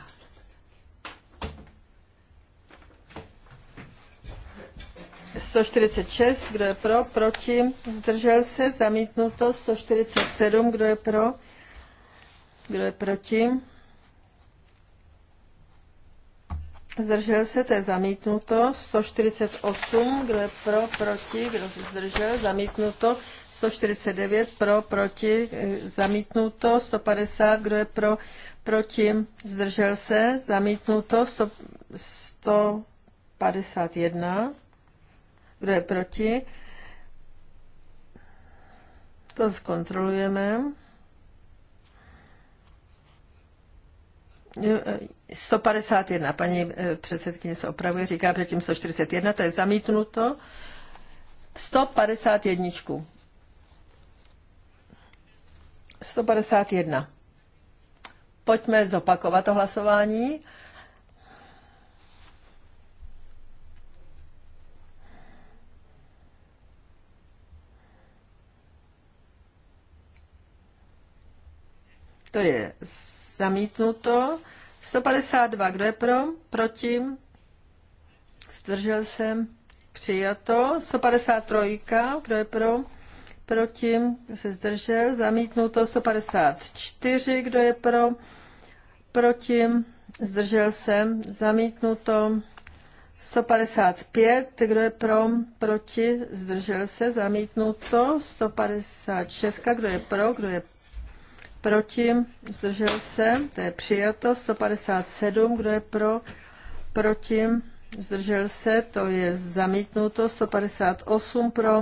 146 kdo je pro, proti, zdržel se, zamítnuto, 147, kdo je pro, kdo je proti. Zdržel se, to je zamítnuto. 148, kdo je pro, proti, kdo se zdržel, zamítnuto. 149 pro, proti, eh, zamítnuto. 150, kdo je pro, proti, zdržel se, zamítnuto. 151, kdo je proti. To zkontrolujeme. Eh, 151, paní eh, předsedkyně se opravuje, říká předtím 141, to je zamítnuto. 151. 151. Pojďme zopakovat to hlasování. To je zamítnuto. 152. Kdo je pro? Proti? Zdržel se? Přijato. 153. Kdo je pro? Proti? Se zdržel. Zamítnuto. 154. Kdo je pro? Proti? Zdržel se? Zamítnuto. 155, kdo je pro, proti, zdržel se, zamítnuto, 156, kdo je pro, kdo je proti, zdržel se, to je přijato, 157, kdo je pro, proti, zdržel se, to je zamítnuto, 158 pro,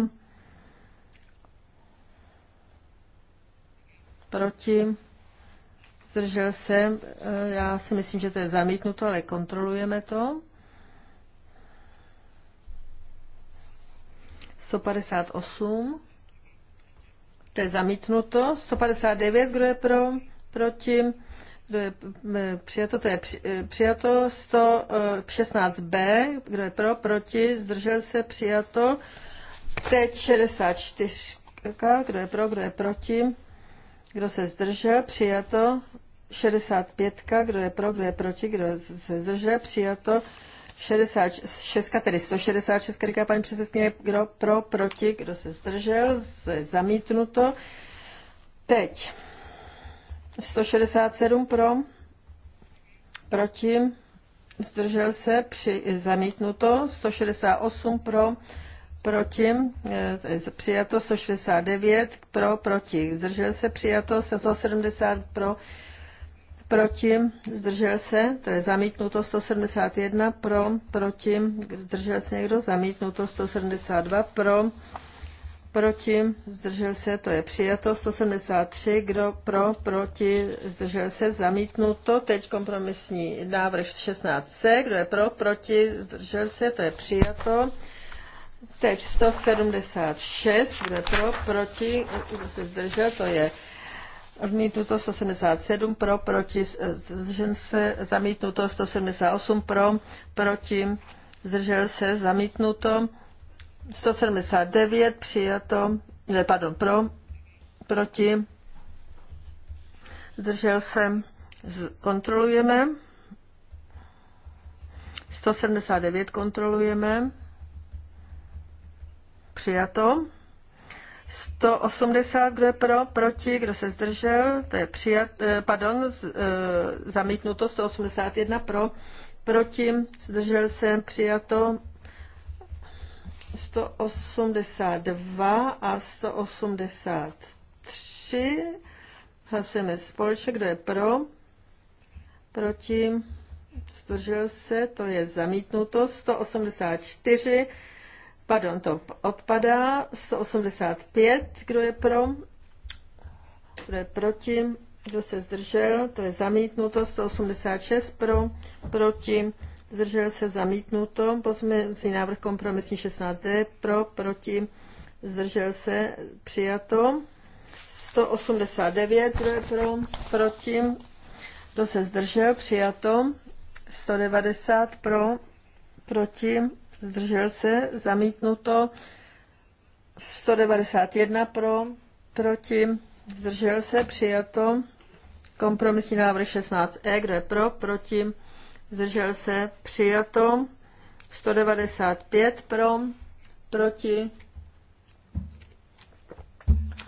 proti, zdržel se, eh, já si myslím, že to je zamítnuto, ale kontrolujeme to. 158 to je zamítnuto. 159, kdo je pro, proti, kdo je e, přijato, to je e, přijato. 116b, e, kdo je pro, proti, zdržel se, přijato. Teď 64, kdo je pro, kdo je proti, kdo se zdržel, přijato. 65, kdo je pro, kdo je proti, kdo se zdržel, přijato. 66, tedy 166, říká paní předsedkyně, kdo pro, proti, kdo se zdržel, zamítnuto. Teď 167 pro, proti, zdržel se, při, zamítnuto, 168 pro, proti, eh, přijato 169 pro, proti, zdržel se, přijato 170 pro, proti, zdržel se, to je zamítnuto 171, pro, proti, zdržel se někdo, zamítnuto 172, pro, proti, zdržel se, to je přijato 173, kdo pro, proti, zdržel se, zamítnuto, teď kompromisní návrh 16c, kdo je pro, proti, zdržel se, to je přijato. Teď 176, kdo je pro, proti, kdo se zdržel, to je Odmítnuto 177 pro, proti, zdržel se, zamítnuto 178 pro, proti, zdržel se, zamítnuto 179 přijato, ne, pardon, pro, proti, zdržel se, kontrolujeme, 179 kontrolujeme, přijato. 180, kdo je pro, proti, kdo se zdržel, to je přijat, eh, pardon, eh, zamítnuto, 181 pro, proti, zdržel se, přijato, 182 a 183. Hlasujeme společně, kdo je pro, proti, zdržel se, to je zamítnuto, 184 Pardon, to odpadá. 185, kdo je pro? Kdo je proti? Kdo se zdržel? To je zamítnuto. 186 pro, proti. Zdržel se zamítnuto. Pozměňovací návrh kompromisní 16D pro, proti. Zdržel se přijato. 189, kdo je pro, proti. Kdo se zdržel? Přijato. 190 pro, proti zdržel se, zamítnuto, 191 pro, proti, zdržel se, přijato, kompromisní návrh 16e, kdo je pro, proti, zdržel se, přijato, 195 pro, proti,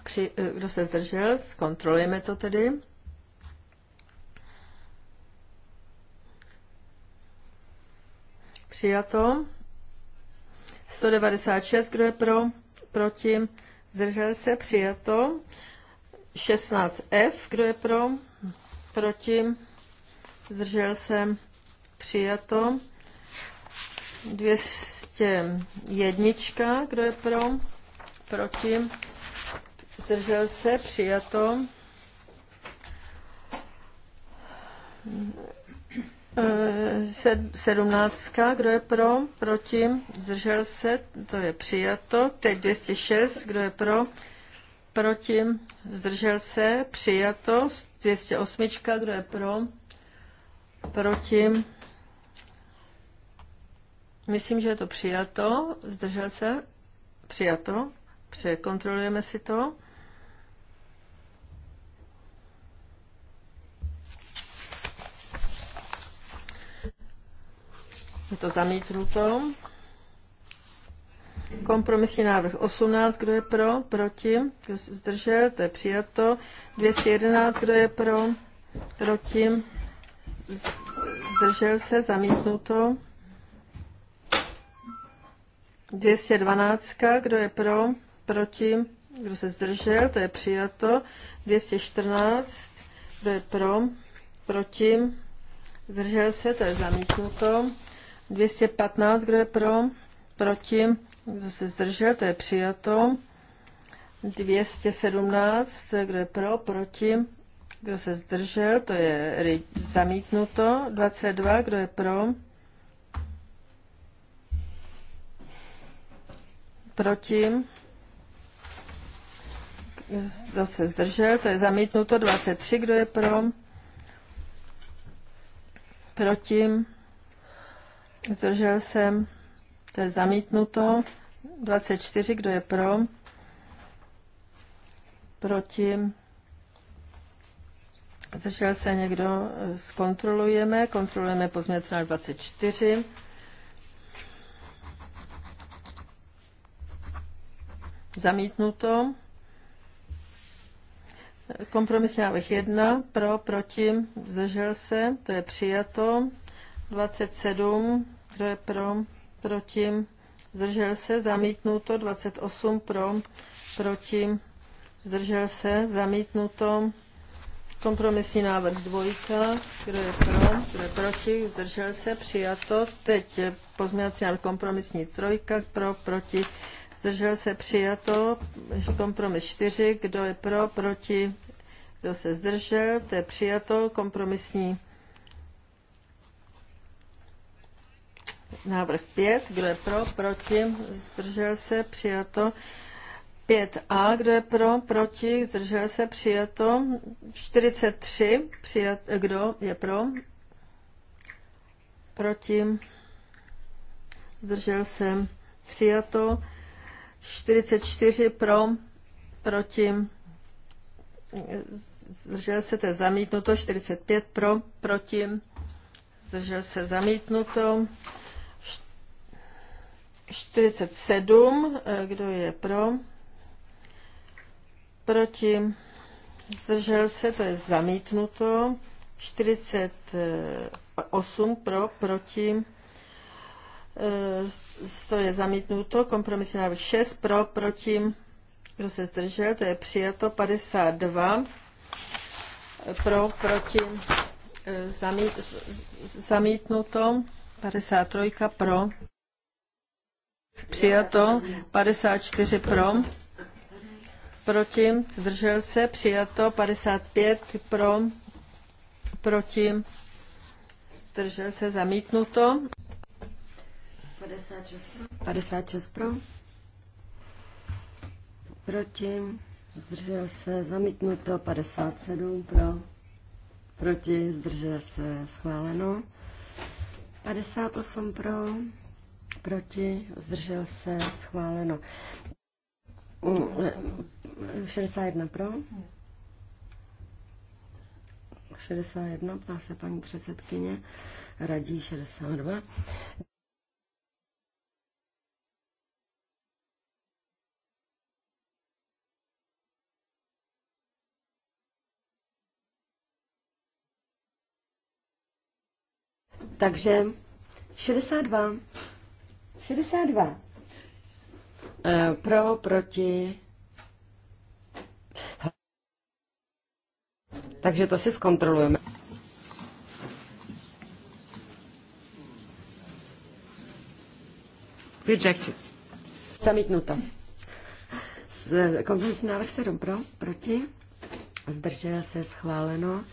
při, eh, kdo se zdržel, zkontrolujeme to tedy. Přijato. 196, kdo je pro, proti, zdržel se, přijato. 16F, kdo je pro, proti, zdržel se, přijato. 201, kdo je pro, proti, zdržel se, přijato. Sedmnáctka, kdo je pro, proti, zdržel se, to je přijato. Teď 206, kdo je pro, proti, zdržel se, přijato. 208, kdo je pro, proti, myslím, že je to přijato, zdržel se, přijato. Překontrolujeme si to. Je to zamítnuto. Kompromisní návrh 18, kdo je pro, proti, kdo se zdržel, to je přijato. 211, kdo je pro, proti, zdržel se, zamítnuto. 212, kdo je pro, proti, kdo se zdržel, to je přijato. 214, kdo je pro, proti, zdržel se, to je zamítnuto. 215, kdo je pro, proti, kdo se zdržel, to je přijato. 217, kdo je pro, proti, kdo se zdržel, to je zamítnuto. 22, kdo je pro, proti, kdo se zdržel, to je zamítnuto. 23, kdo je pro, proti, Zdržel jsem, To je zamítnuto. 24. Kdo je pro? Proti? Zdržel se někdo? Zkontrolujeme. Kontrolujeme pozměnit na 24. Zamítnuto. Kompromisní návrh 1. Pro, proti, zdržel se. To je přijato. 27, kdo je pro, proti, zdržel se, zamítnuto, 28 pro, proti, zdržel se, zamítnuto, kompromisní návrh dvojka, kdo je pro, kdo je proti, zdržel se, přijato, teď pozměňovací návrh kompromisní trojka, pro, proti, zdržel se, přijato, kompromis čtyři, kdo je pro, proti, kdo se zdržel, to je přijato, kompromisní Návrh 5, kdo je pro, proti, zdržel se, přijato. 5a, kdo je pro, proti, zdržel se, přijato. 43, přijat, kdo je pro, proti, zdržel se, přijato. 44 pro, proti, zdržel se, to je zamítnuto. 45 pro, proti, zdržel se, zamítnuto. 47, eh, kdo je pro? Proti? Zdržel se, to je zamítnuto. 48 pro, proti? Eh, to je zamítnuto. Kompromisní návrh 6 pro, proti? Kdo se zdržel, to je přijato. 52 eh, pro, proti? Zamít, zamítnuto. 53 pro přijato, 54 pro, proti, zdržel se, přijato, 55 pro, proti, zdržel se, zamítnuto. 56 pro. 56 pro. Proti, zdržel se, zamítnuto, 57 pro, proti, zdržel se, schváleno. 58 pro, proti, zdržel se, schváleno. 61 pro. 61, ptá se paní předsedkyně, radí 62. Takže 62. 62. Uh, eh, Pro, proti. Takže to si zkontrolujeme. Rejected. Zamítnuto. Eh, kompromisní návrh 7 pro, proti. Zdržel se schváleno.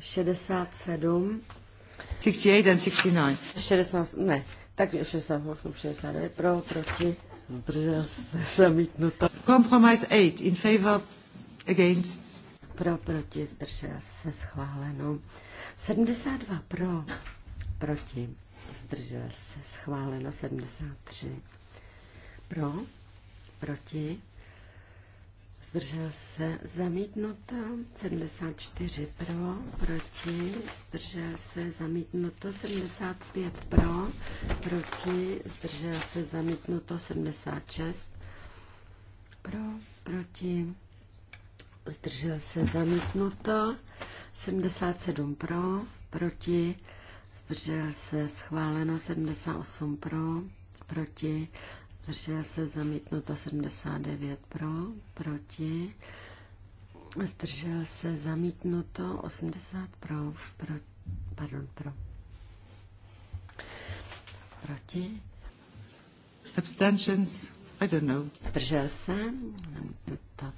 67. 68 and 69. 60, ne. Takže 6869 pro, proti, zdržel se, zamítnuto. Compromise 8 in favor, against. Pro, proti, zdržel se, schváleno. 72 pro, proti, zdržel se, schváleno. 73 pro, proti, zdržel se, zamítnuto, 74 pro, proti, zdržel se, zamítnuto, 75 pro, proti, zdržel se, zamítnuto, 76 pro, proti, zdržel se, zamítnuto, 77 pro, proti, zdržel se, schváleno, 78 pro, proti, zdržel se zamítnuto 79 pro, proti, zdržel se zamítnuto 80 pro, pro pardon, pro, proti. Abstentions, I don't know. Zdržel se, zamítnuto,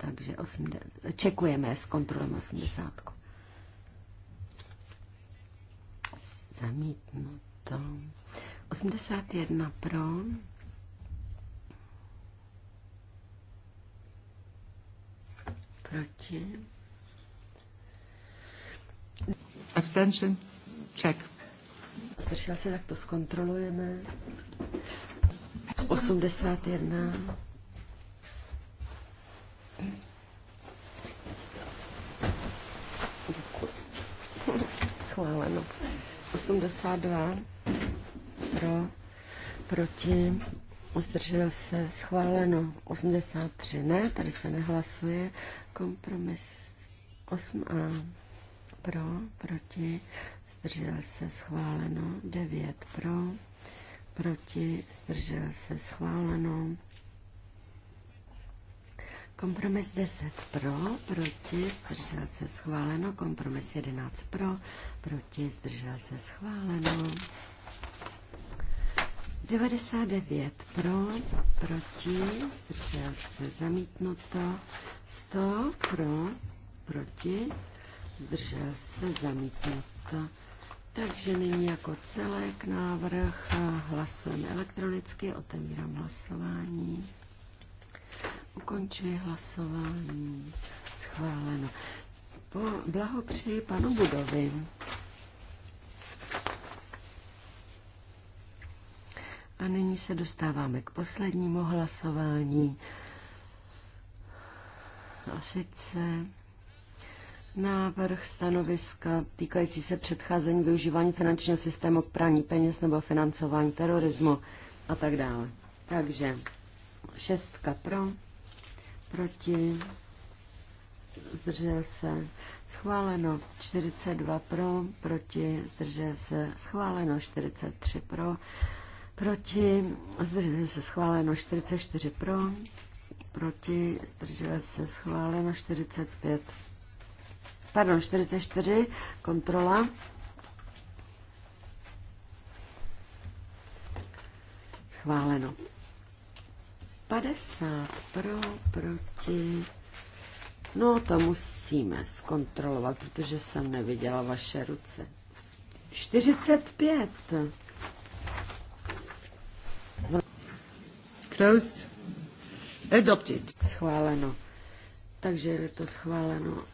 takže 80, čekujeme, zkontrolujeme 80. Zamítnuto. 81 pro, Proti. Abstention. Check. Zdržel se, tak to zkontrolujeme. 81. Schváleno. 82 pro, proti Zdržel se schváleno 83 ne, tady se nehlasuje. Kompromis 8a pro, proti, zdržel se schváleno 9 pro, proti, zdržel se schváleno. Kompromis 10 pro, proti, zdržel se schváleno. Kompromis 11 pro, proti, zdržel se schváleno. 99 pro, proti, zdržel se, zamítnuto. 100 pro, proti, zdržel se, zamítnuto. Takže nyní jako celek návrh hlasujeme elektronicky, otevírám hlasování. Ukončuji hlasování. Schváleno. blahopřeji panu Budovi. A nyní se dostáváme k poslednímu hlasování. A sice návrh stanoviska týkající se předcházení využívání finančního systému k praní peněz nebo financování terorismu a tak dále. Takže šestka pro, proti, zdržel se, schváleno 42 pro, proti, zdržel se, schváleno 43 pro, Proti zdrželi se schváleno 44 pro. Proti zdrželi se schváleno 45. Pardon, 44. Kontrola. Schváleno. 50 pro, proti. No, to musíme zkontrolovat, protože jsem neviděla vaše ruce. 45. closed. Adopted. Schváleno. Takže je to schváleno.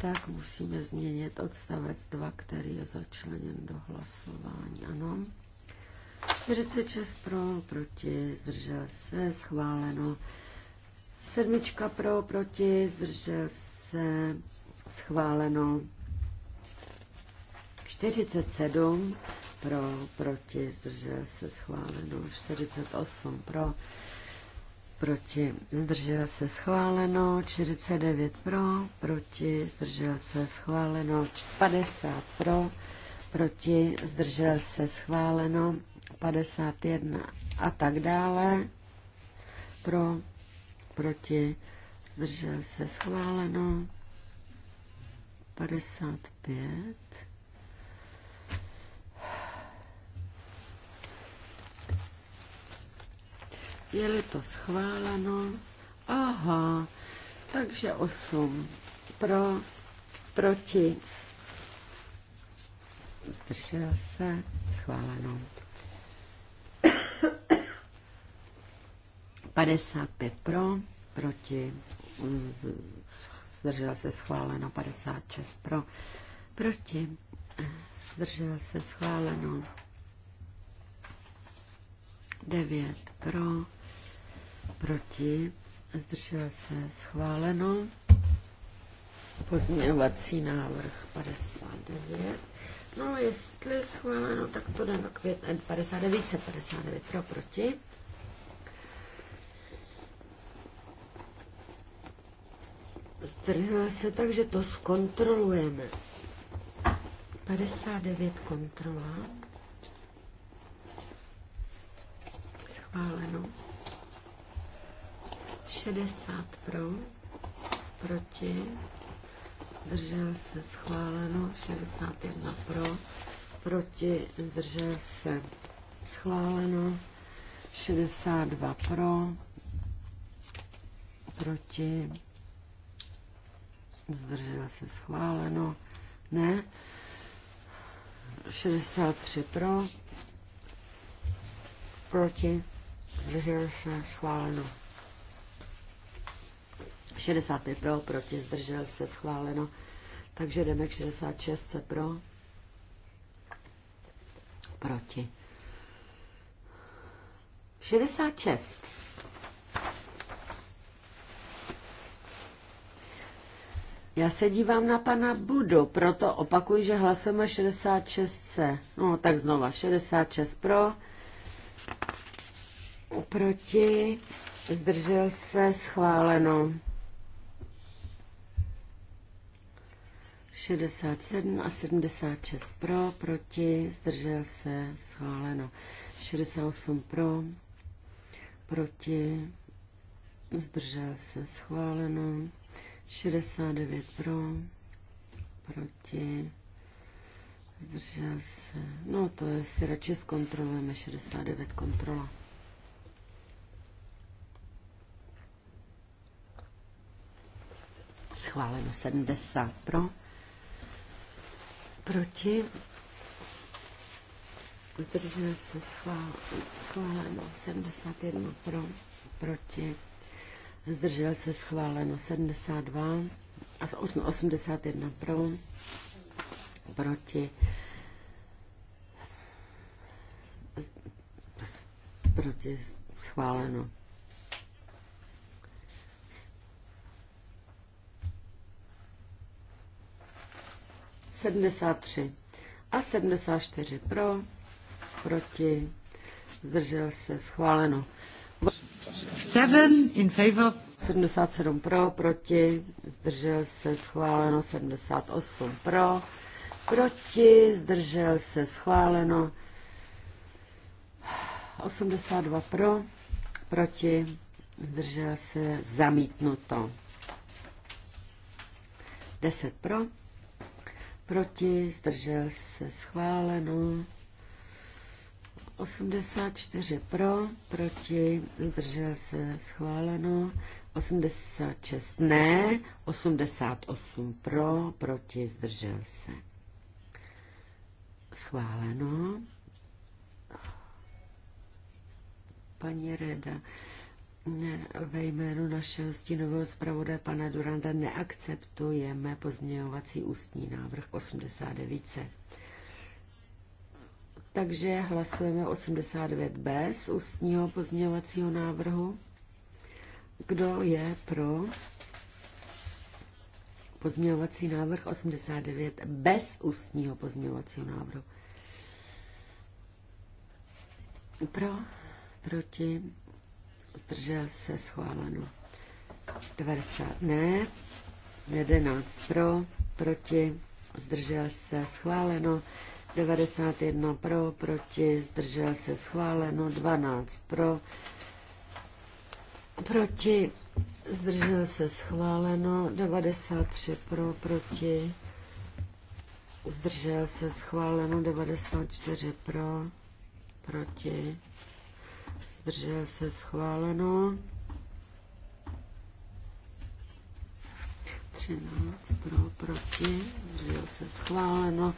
Tak musíme změnit odstavec 2, který je začleněn do hlasování. Ano. 46 pro, proti, zdržel se, schváleno. Sedmička pro, proti, zdržel se, schváleno. 47 pro, proti, zdržel se schváleno, 48 pro, proti, zdržel se schváleno, 49 pro, proti, zdržel se schváleno, 50 pro, proti, zdržel se schváleno, 51 a tak dále, pro, proti, zdržel se schváleno, 55, Je-li to schváleno? Aha, takže 8 pro, proti, zdržel se, schváleno. 55 pro, proti, zdržel se, schváleno. 56 pro, proti, zdržel se, schváleno. 9 pro, proti, zdržela se schváleno. Pozměňovací návrh 59. No, jestli schváleno, tak to jde na květ 59, 59 pro proti. Zdržela se tak, že to zkontrolujeme. 59 kontrola. Schváleno. 60 pro, proti, zdržel se schváleno, 61 pro, proti, zdržel se schváleno, 62 pro, proti, zdržel se schváleno, ne, 63 pro, proti, zdržel se schváleno. 65 pro, proti, zdržel se, schváleno. Takže jdeme k 66 se pro, proti. 66. Já se dívám na pana Budu, proto opakuji, že hlasujeme 66C. No, tak znova, 66 pro, proti, zdržel se, schváleno. 67 a 76 pro, proti, zdržel se, schváleno. 68 pro, proti, zdržel se, schváleno. 69 pro, proti, zdržel se. No to je, si radši zkontrolujeme, 69 kontrola. Schváleno 70 pro Proti? Zdržel se schváleno 71 pro, proti. Zdržel se schváleno 72 a 81 pro, proti. Proti schváleno 73 a 74 pro, proti, zdržel se, schváleno. 7 in favor. 77 pro, proti, zdržel se, schváleno, 78 pro, proti, zdržel se, schváleno, 82 pro, proti, zdržel se, zamítnuto. 10 pro, proti, zdržel se schváleno. 84 pro, proti, zdržel se schváleno. 86 ne, 88 pro, proti, zdržel se schváleno. Paní Reda, ne, ve jménu našeho stínového zpravodaje pana Duranda neakceptujeme pozměňovací ústní návrh 89. Takže hlasujeme 89 bez ústního pozměňovacího návrhu. Kdo je pro pozměňovací návrh 89 bez ústního pozměňovacího návrhu? Pro, proti, zdržel se, schváleno. 90 ne, 11 pro, proti, zdržel se, schváleno. 91 pro, proti, zdržel se, schváleno. 12 pro, proti, zdržel se, schváleno. 93 pro, proti, zdržel se, schváleno. 94 pro, proti, zdržel se schváleno. 13 pro, proti, zdržel se schváleno.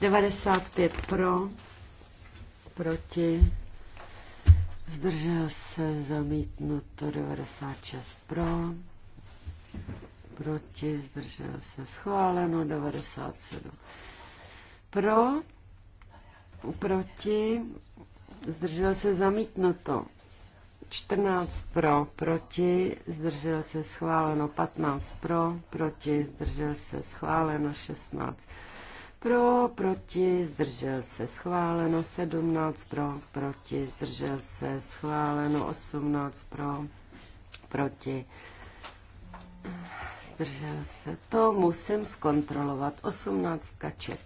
95 pro, proti, zdržel se zamítnuto 96 pro, proti, zdržel se schváleno 97 pro, proti, zdržel se zamítnuto. 14 pro, proti, zdržel se schváleno 15 pro, proti, zdržel se schváleno 16 pro, proti, zdržel se schváleno 17 pro, proti, zdržel se schváleno 18 pro, proti, zdržel se. To musím zkontrolovat. 18 kaček.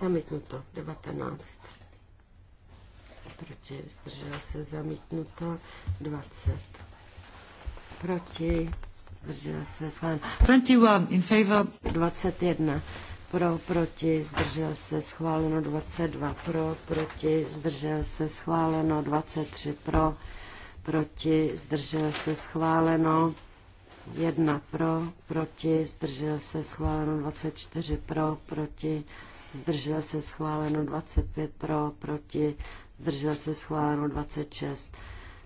zamítnuto. 19. Proti, zdržel se, zamítnuto. 20. Proti, zdržel se, schválen. 21 in favor. 21 pro, proti, zdržel se, schváleno 22 pro, proti, zdržel se, schváleno 23 pro, proti, zdržel se, schváleno 1 pro, proti, zdržel se, schváleno 24 pro, proti, zdržel se schváleno 25 pro, proti, zdržel se schváleno 26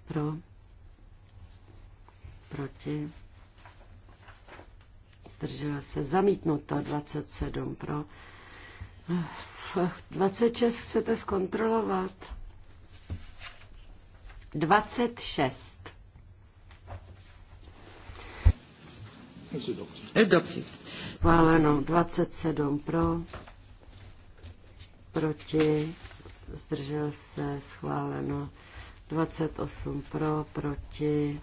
pro, proti, zdržel se zamítnuto 27 pro. 26 chcete zkontrolovat? 26. Adopted. Váleno 27 pro proti, zdržel se, schváleno. 28 pro, proti,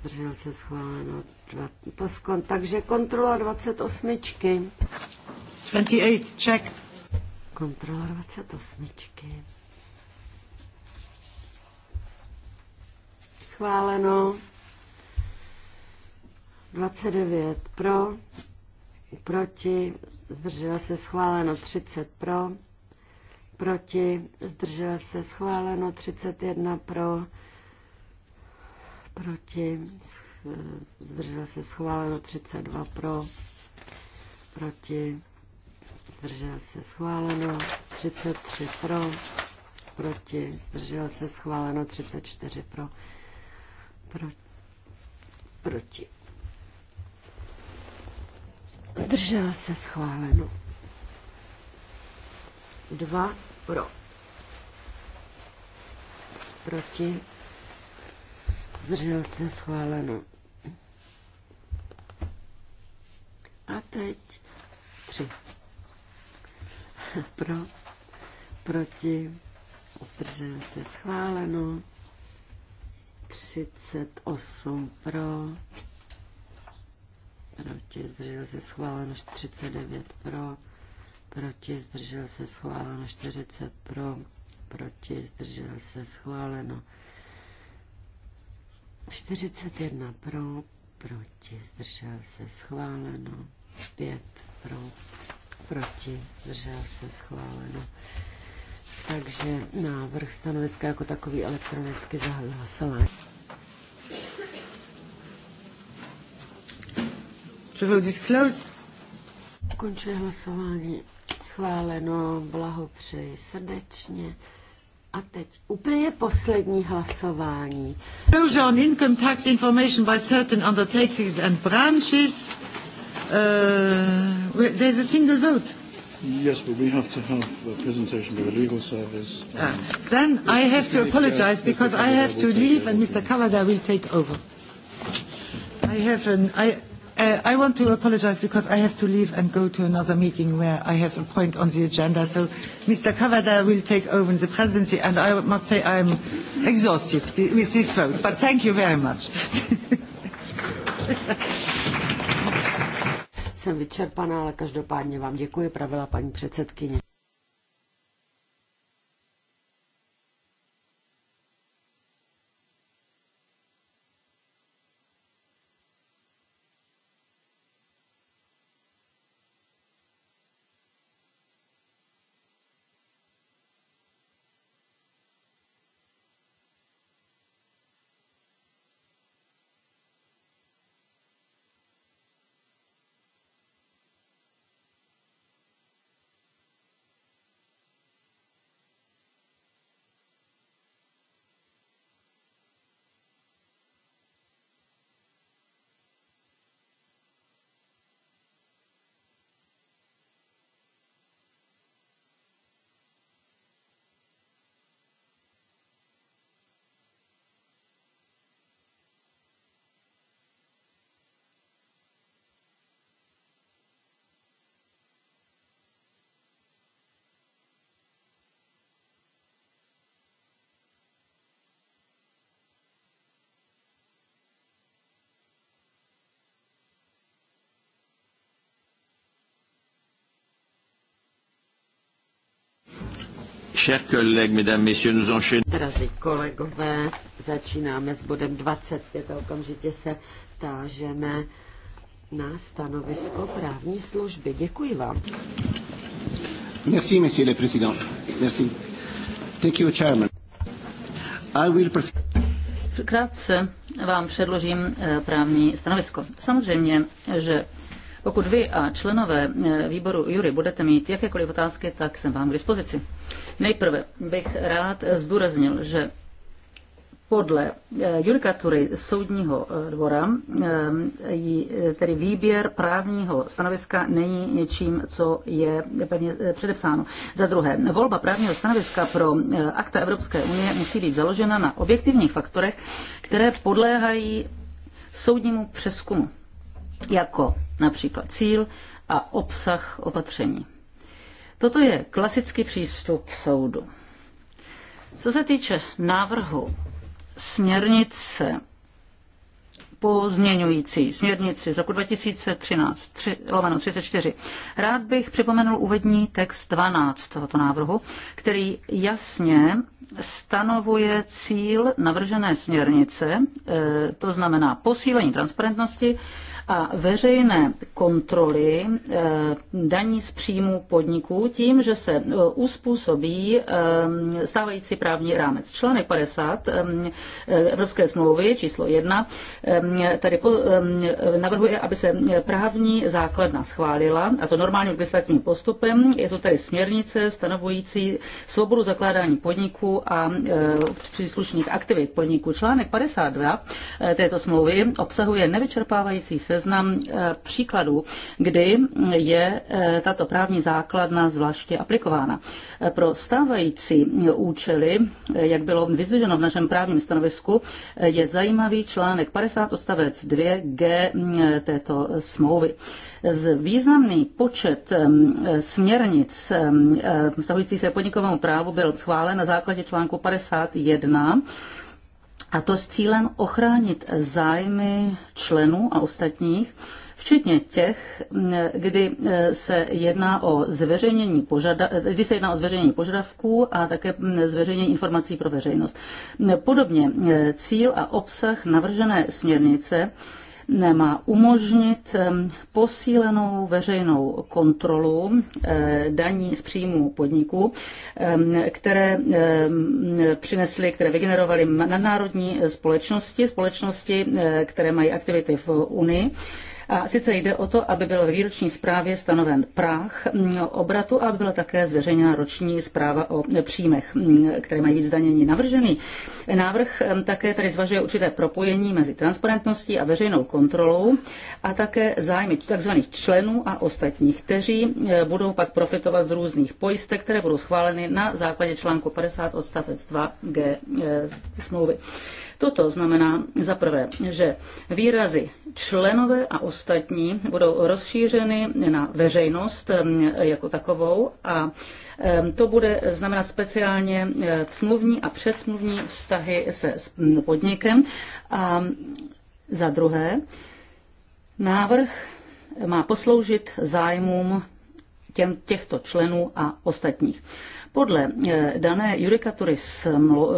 zdržel se, schváleno. Dva, poskon, takže kontrola 28. 28, check. Kontrola 28. Schváleno. 29 pro, proti, zdržela se schváleno 30 pro, proti, zdržela se schváleno 31 pro, proti, zdržela se schváleno 32 pro, proti, zdržela se schváleno 33 pro, proti, zdržela se schváleno 34 pro, pro proti. Zdržela se schváleno. Dva pro. Proti. Zdržel se schváleno. A teď tři. Pro. Proti. Zdržel se schváleno. 38 pro proti, zdržel se schváleno 39 pro, proti, zdržel se schváleno 40 pro, proti, zdržel se schváleno 41 pro, proti, zdržel se schváleno 5 pro, proti, zdržel se schváleno. Takže návrh stanoviska jako takový elektronicky zahájil hlasování. Končuje hlasování. Schváleno, blahopřeji srdečně. A teď úplně poslední hlasování. Closure on income tax information by certain undertakings and branches. Uh, there's a single vote. Yes, but we have to have a presentation by the legal service. Ah, then I have to apologize because I have to leave and Mr. Kavada will take over. I have an... I, Uh, I want to apologize because I have to leave and go to another meeting where I have a point on the agenda. So Mr. Kavada will take over the presidency, and I must say I'm exhausted with this vote. But thank you very much. Jsem vyčerpaná, ale každopádně vám děkuji, pravila paní předsedkyně. Chers collègues, mesdames, messieurs, nous enchaînons. Drazí kolegové, začínáme s bodem 25 a okamžitě se tážeme na stanovisko právní služby. Děkuji vám. Merci, monsieur le président. Merci. Thank you, chairman. I will Krátce vám předložím eh, právní stanovisko. Samozřejmě, že pokud vy a členové eh, výboru Jury budete mít jakékoliv otázky, tak jsem vám k dispozici. Nejprve bych rád eh, zdůraznil, že podle eh, judikatury soudního dvora, tedy výběr právního stanoviska není něčím, co je pevně předepsáno. Za druhé, volba právního stanoviska pro akta Evropské unie musí být založena na objektivních faktorech, které podléhají soudnímu přeskumu jako například cíl a obsah opatření. Toto je klasický přístup soudu. Co se týče návrhu směrnice pozměňující směrnici z roku 2013 3, 34. Rád bych připomenul úvodní text 12 tohoto návrhu, který jasně stanovuje cíl navržené směrnice, eh, to znamená posílení transparentnosti, a veřejné kontroly eh, daní z příjmu podniků tím, že se eh, uspůsobí eh, stávající právní rámec. Článek 50 Evropské smlouvy číslo 1 tady navrhuje, aby se právní základna schválila, a to normálním legislativním postupem. Je to tady směrnice stanovující svobodu zakládání podniků a příslušných aktivit podniků. Článek 52 této smlouvy obsahuje nevyčerpávající seznam seznam eh, příkladů, kdy je eh, tato právní základna zvláště aplikována. Eh, pro stávající účely, jak bylo vyzvěženo v našem právním stanovisku, je zajímavý článek 50 odstavec 2G mm, této smlouvy. Z Významný počet směrnic vztahující se podnikovému právu byl schválen na základě článku 51 a to s cílem ochránit zájmy členů a ostatních, včetně těch, kdy eh, se jedná o zveřejnění, požada, kdy se jedná o zveřejnění požadavků a také hm, zveřejnění informací pro veřejnost. Podobně eh, cíl a obsah navržené směrnice má umožnit posílenou veřejnou kontrolu eh, daní z příjmů podniků, které přinesly, které vygenerovaly nadnárodní společnosti, společnosti, eh, které mají aktivity v Unii a sice jde o to, aby byl ve výroční zprávě stanoven práh mm, obratu, aby byla také zveřejněna roční zpráva o příjmech, mm, které mají být zdanění. Navržený návrh mm, také tady zvažuje určité propojení mezi transparentností a veřejnou kontrolou a také zájmy tzv. členů a ostatních, kteří budou pak profitovat z různých pojistek, které budou schváleny na základě článku 50 odstavec 2G e, smlouvy. Toto znamená za prvé, že výrazy členové a ostatní budou rozšířeny na veřejnost jako takovou a to bude znamenat speciálně e, smluvní a předsmluvní vztahy se podnikem. A za druhé, návrh má posloužit zájmům těm, těchto členů a ostatních. Podle eh, dané judikatury z,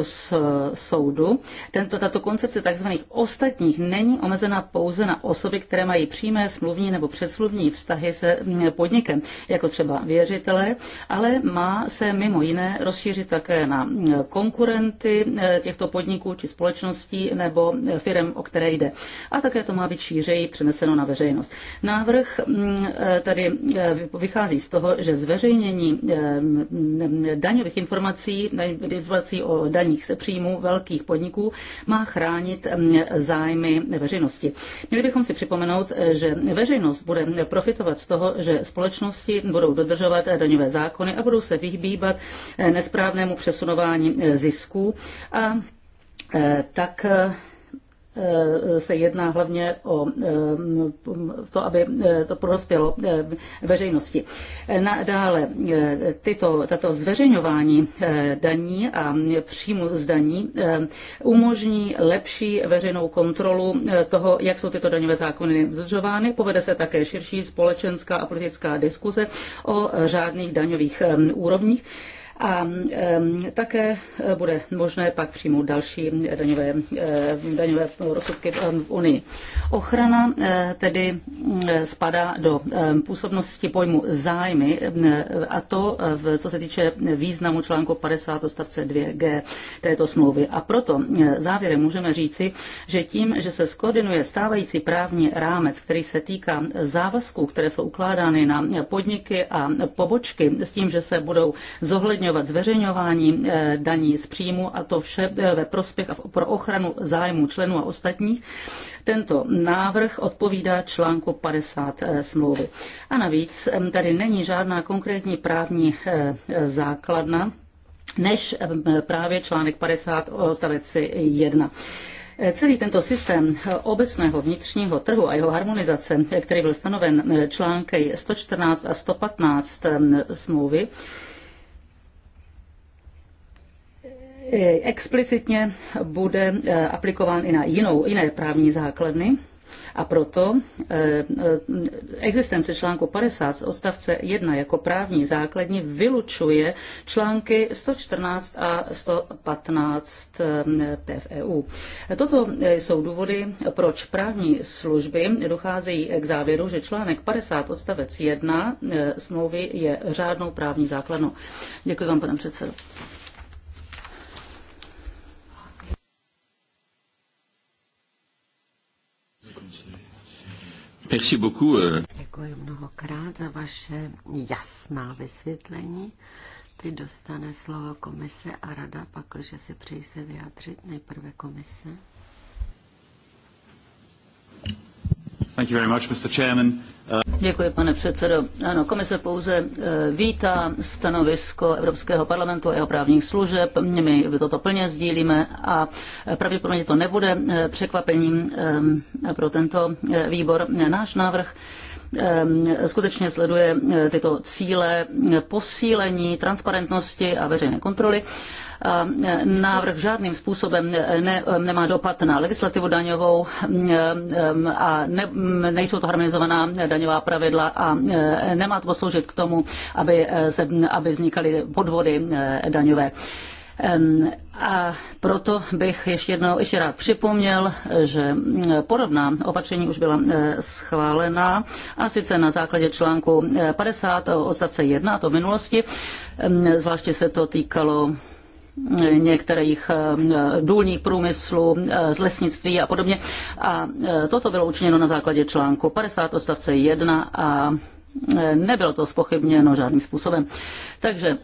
z soudu tento, tato koncepce tzv. ostatních není omezena pouze na osoby, které mají přímé smluvní nebo předsmluvní vztahy se mm, podnikem, jako třeba věřitele, ale má se mimo jiné rozšířit také na eh, konkurenty eh, těchto podniků či společností nebo firm, o které jde. A také to má být šířeji přeneseno na veřejnost. Návrh mm, tady vychází z toho, že zveřejnění daňových informací, informací o daních se příjmů velkých podniků má chránit zájmy veřejnosti. Měli bychom si připomenout, že veřejnost bude profitovat z toho, že společnosti budou dodržovat daňové zákony a budou se vyhýbat eh, nesprávnému přesunování eh, zisků a eh, tak Eh, se jedná hlavně o eh, to, aby eh, to prospělo veřejnosti. Dále tyto, tato zveřejňování daní a příjmu z daní umožní lepší veřejnou kontrolu toho, jak jsou tyto daňové zákony dodržovány. Povede se také širší společenská a politická diskuze o řádných daňových úrovních. A také eh, bude možné pak přijmout další daňové, eh, daňové rozsudky v Unii. Ochrana eh, tedy mm, spadá do působnosti pojmu zájmy a to, co se týče významu článku 50 odstavce 2G této smlouvy. A proto závěrem můžeme říci, že tím, že se skoordinuje stávající právní rámec, který se týká závazků, které jsou ukládány na podniky a pobočky, s tím, že se budou zohledňovat uplatňovat zveřejňování eh, daní z příjmu a to vše eh, ve prospěch a pro ochranu zájmu členů a ostatních. Tento návrh odpovídá článku 50 eh, smlouvy. A navíc tady není žádná konkrétní právní základna než právě článek 50 odstavec 1. Celý tento systém obecného vnitřního trhu a jeho harmonizace, který byl stanoven články 114 a 115 smlouvy, explicitně bude eh, aplikován i na jinou, jiné právní základny. A proto eh, eh, existence článku 50 z odstavce 1 jako právní základní vylučuje články 114 a 115 PFEU. E Toto jsou důvody, proč právní služby docházejí k závěru, že článek 50 odstavec 1 smlouvy je řádnou právní základnou. Děkuji vám, pane předsedo. Merci beaucoup. Euh. Děkuji mnohokrát za vaše jasná vysvětlení. Ty dostane slovo komise a rada, že si přeji se vyjádřit nejprve komise. Uh, Děkuji, pane předsedo. Ano, komise pouze eh, vítá stanovisko Evropského parlamentu a jeho právních služeb. My toto plně sdílíme a pravděpodobně to nebude eh, překvapením eh, pro tento výbor. Náš návrh Ehm, skutečně sleduje eh, tyto cíle eh, posílení transparentnosti a veřejné kontroly. A eh, návrh žádným způsobem ne, nemá dopad na legislativu daňovou mm, ehm, ehm, a ne, mm, nejsou to harmonizovaná daňová pravidla a nemá to posloužit k tomu, aby, se, aby vznikaly podvody daňové. A proto bych ještě jednou ještě rád připomněl, že podobná opatření už byla e, schválena, a sice na základě článku 50 e, odstavce 1, a to v minulosti, zvláště se to týkalo e, některých důlních průmyslů, z lesnictví a podobně. A toto bylo učiněno na základě článku 50 odstavce 1 a nebylo to spochybněno žádným způsobem. Takže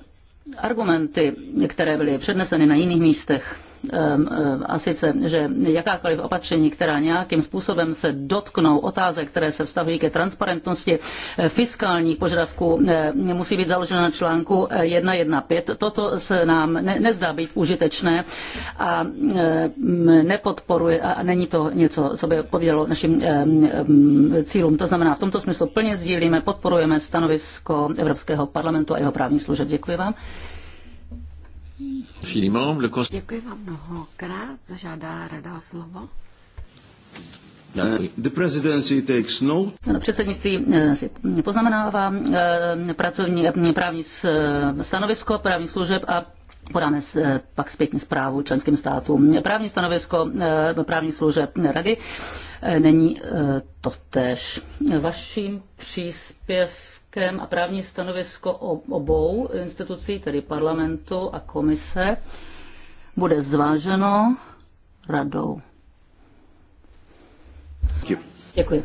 argumenty, které byly předneseny na jiných místech, Ehm, ehm, a sice, že jakákoliv opatření, která nějakým způsobem se dotknou otázek, které se vztahují ke transparentnosti eh, fiskálních požadavků, eh, musí být založena na článku 1.1.5. Eh, Toto se nám ne, nezdá být užitečné a ehm, nepodporuje a není to něco, co by odpovídalo našim cílům. To znamená, v tomto smyslu plně sdílíme, podporujeme stanovisko Evropského parlamentu a jeho právních služeb. Děkuji vám. Děkuji vám mnohokrát. Žádá rada slovo. Eh, the presidency takes note. Předsednictví eh, si poznamenává eh, pracovní právní stanovisko právní služeb a podáme pak zpětně zprávu členským státům. Právní stanovisko právní služeb rady není totež Vaším příspěvkem stanoviskem a právní stanovisko obou institucí, tedy parlamentu a komise, bude zváženo radou. Děkuji. Děkuji.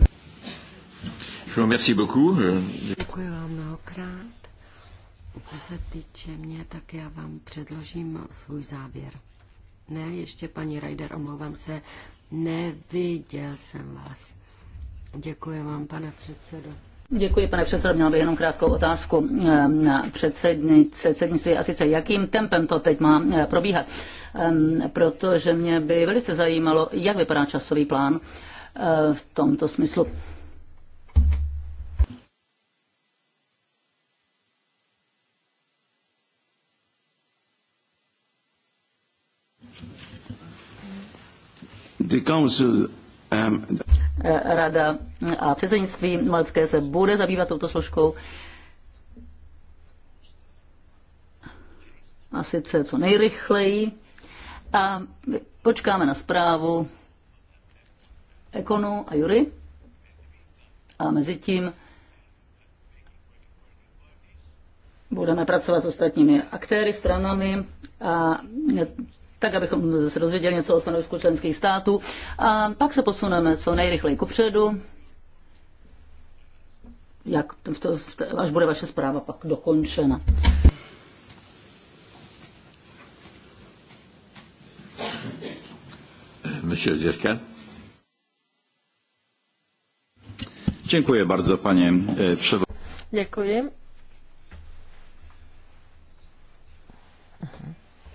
Děkuji vám mnohokrát. Co se týče mě, tak já vám předložím svůj závěr. Ne, ještě paní Rajder, omlouvám se, neviděl jsem vás. Děkuji vám, pane předsedo. Děkuji, pane předsedo. Měla bych jenom krátkou otázku eh, na předsednictví a sice jakým tempem to teď má eh, probíhat, ehm, protože mě by velice zajímalo, jak vypadá časový plán eh, v tomto smyslu. The Council Eh, Rada a předsednictví Malecké se bude zabývat touto složkou. A sice co nejrychleji. A počkáme na zprávu Ekonu a Jury. A mezi tím budeme pracovat s ostatními aktéry, stranami a tak abychom se rozvěděli něco o stanovisku členských států a pak se posuneme co nejrychleji kupředu, jak, to, to, to, až bude vaše zpráva pak dokončena. Monsieur Zirka. Děkuji, bardzo, panie eh, przewodniczący. Děkuji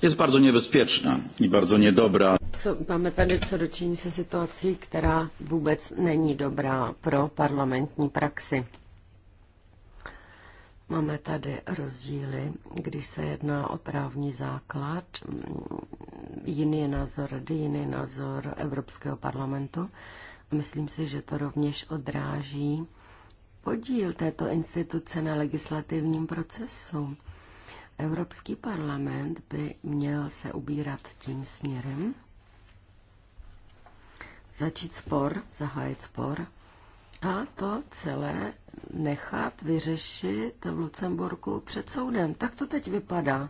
jest bardzo niebezpieczna i bardzo niedobra. Co, máme tady co dočinit se situací, která vůbec není dobrá pro parlamentní praxi. Máme tady rozdíly, když se jedná o právní základ. Jiný je názor rady, jiný názor Evropského parlamentu. Myslím si, že to rovněž odráží podíl této instituce na legislativním procesu. Evropský parlament by měl se ubírat tím směrem, začít spor, zahájit spor a to celé nechat vyřešit v Lucemburku před soudem. Tak to teď vypadá.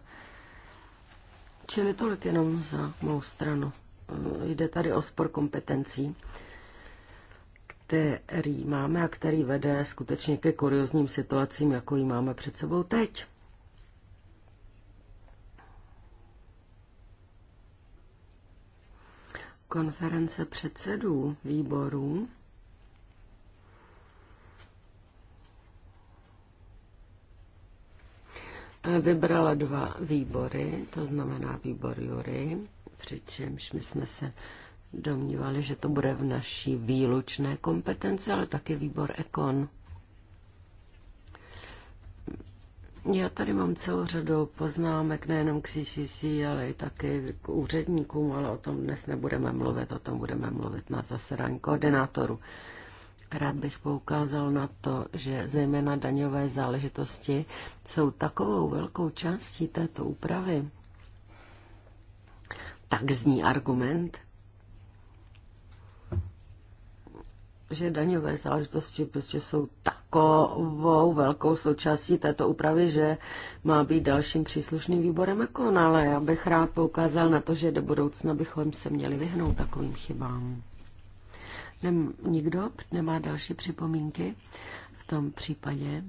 Čili tolik jenom za mou stranu. Jde tady o spor kompetencí, který máme a který vede skutečně ke kuriozním situacím, jako ji máme před sebou teď. konference předsedů výborů vybrala dva výbory, to znamená výbor Jury, přičemž my jsme se domnívali, že to bude v naší výlučné kompetenci, ale taky výbor Ekon. Já tady mám celou řadu poznámek nejenom k CCC, ale i taky k úředníkům, ale o tom dnes nebudeme mluvit, o tom budeme mluvit na zasedání koordinátoru. Rád bych poukázal na to, že zejména daňové záležitosti jsou takovou velkou částí této úpravy. Tak zní argument, že daňové záležitosti prostě jsou takovou velkou součástí této úpravy, že má být dalším příslušným výborem a jako ale já bych rád poukázal na to, že do budoucna bychom se měli vyhnout takovým chybám. Nem, nikdo nemá další připomínky? V tom případě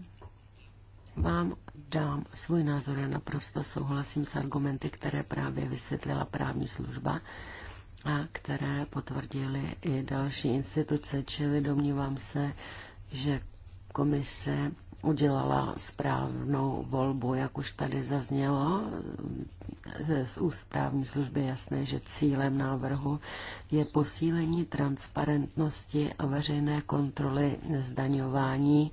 vám dám svůj názor. Já naprosto souhlasím s argumenty, které právě vysvětlila právní služba a které potvrdili i další instituce, čili domnívám se, že komise udělala správnou volbu, jak už tady zaznělo. Z ústavní služby jasné, že cílem návrhu je posílení transparentnosti a veřejné kontroly zdaňování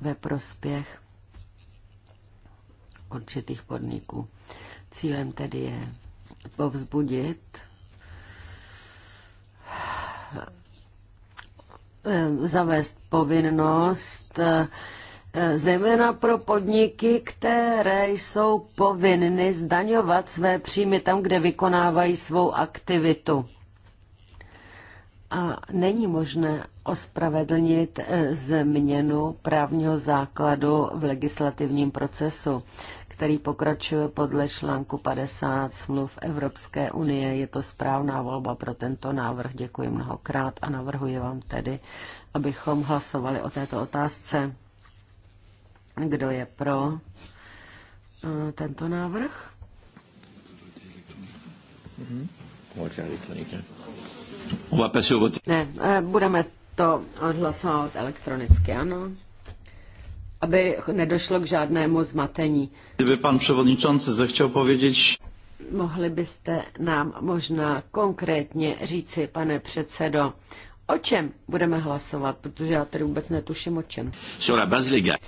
ve prospěch určitých podniků. Cílem tedy je povzbudit Eh, zavést povinnost eh, zejména pro podniky, které jsou povinny zdaňovat své příjmy tam, kde vykonávají svou aktivitu. A není možné ospravedlnit eh, změnu právního základu v legislativním procesu který pokračuje podle článku 50 smluv Evropské unie. Je to správná volba pro tento návrh. Děkuji mnohokrát a navrhuji vám tedy, abychom hlasovali o této otázce. Kdo je pro eh, tento návrh? Ne, eh, budeme to odhlasovat elektronicky, ano aby nedošlo k žádnému zmatení. Kdyby pan převodničanci zechtěl povědět... Mohli byste nám možná konkrétně říci, pane předsedo, o čem budeme hlasovat, protože já tady vůbec netuším o čem. Sur la eh,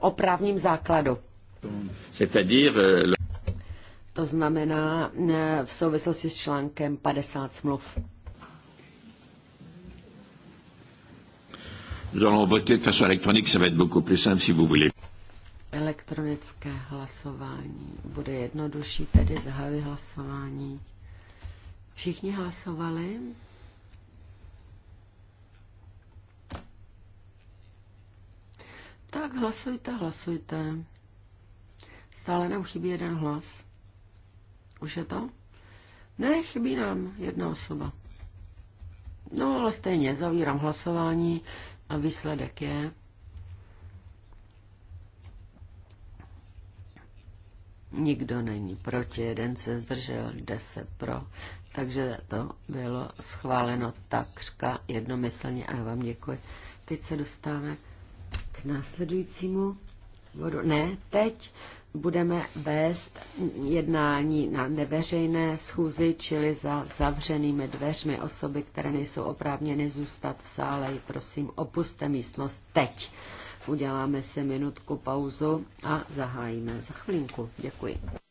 O právním základu. Eh, to znamená eh, v souvislosti s článkem 50 smluv. Nous allons voter de façon électronique, ça va être beaucoup plus simple si vous voulez. Elektronické hlasování bude jednodušší, tedy zahajuji hlasování. Všichni hlasovali? Tak hlasujte, hlasujte. Stále nám chybí jeden hlas. Už je to? Ne, chybí nám jedna osoba. No, ale stejně, zavírám hlasování. A výsledek je, nikdo není proti, jeden se zdržel, deset pro. Takže to bylo schváleno takřka jednomyslně a já vám děkuji. Teď se dostáváme k následujícímu bodu. Ne, teď budeme vést jednání na neveřejné schůzi, čili za zavřenými dveřmi. Osoby, které nejsou oprávněny zůstat v sále, prosím, opuste místnost teď. Uděláme si minutku pauzu a zahájíme za chvilinku. Děkuji.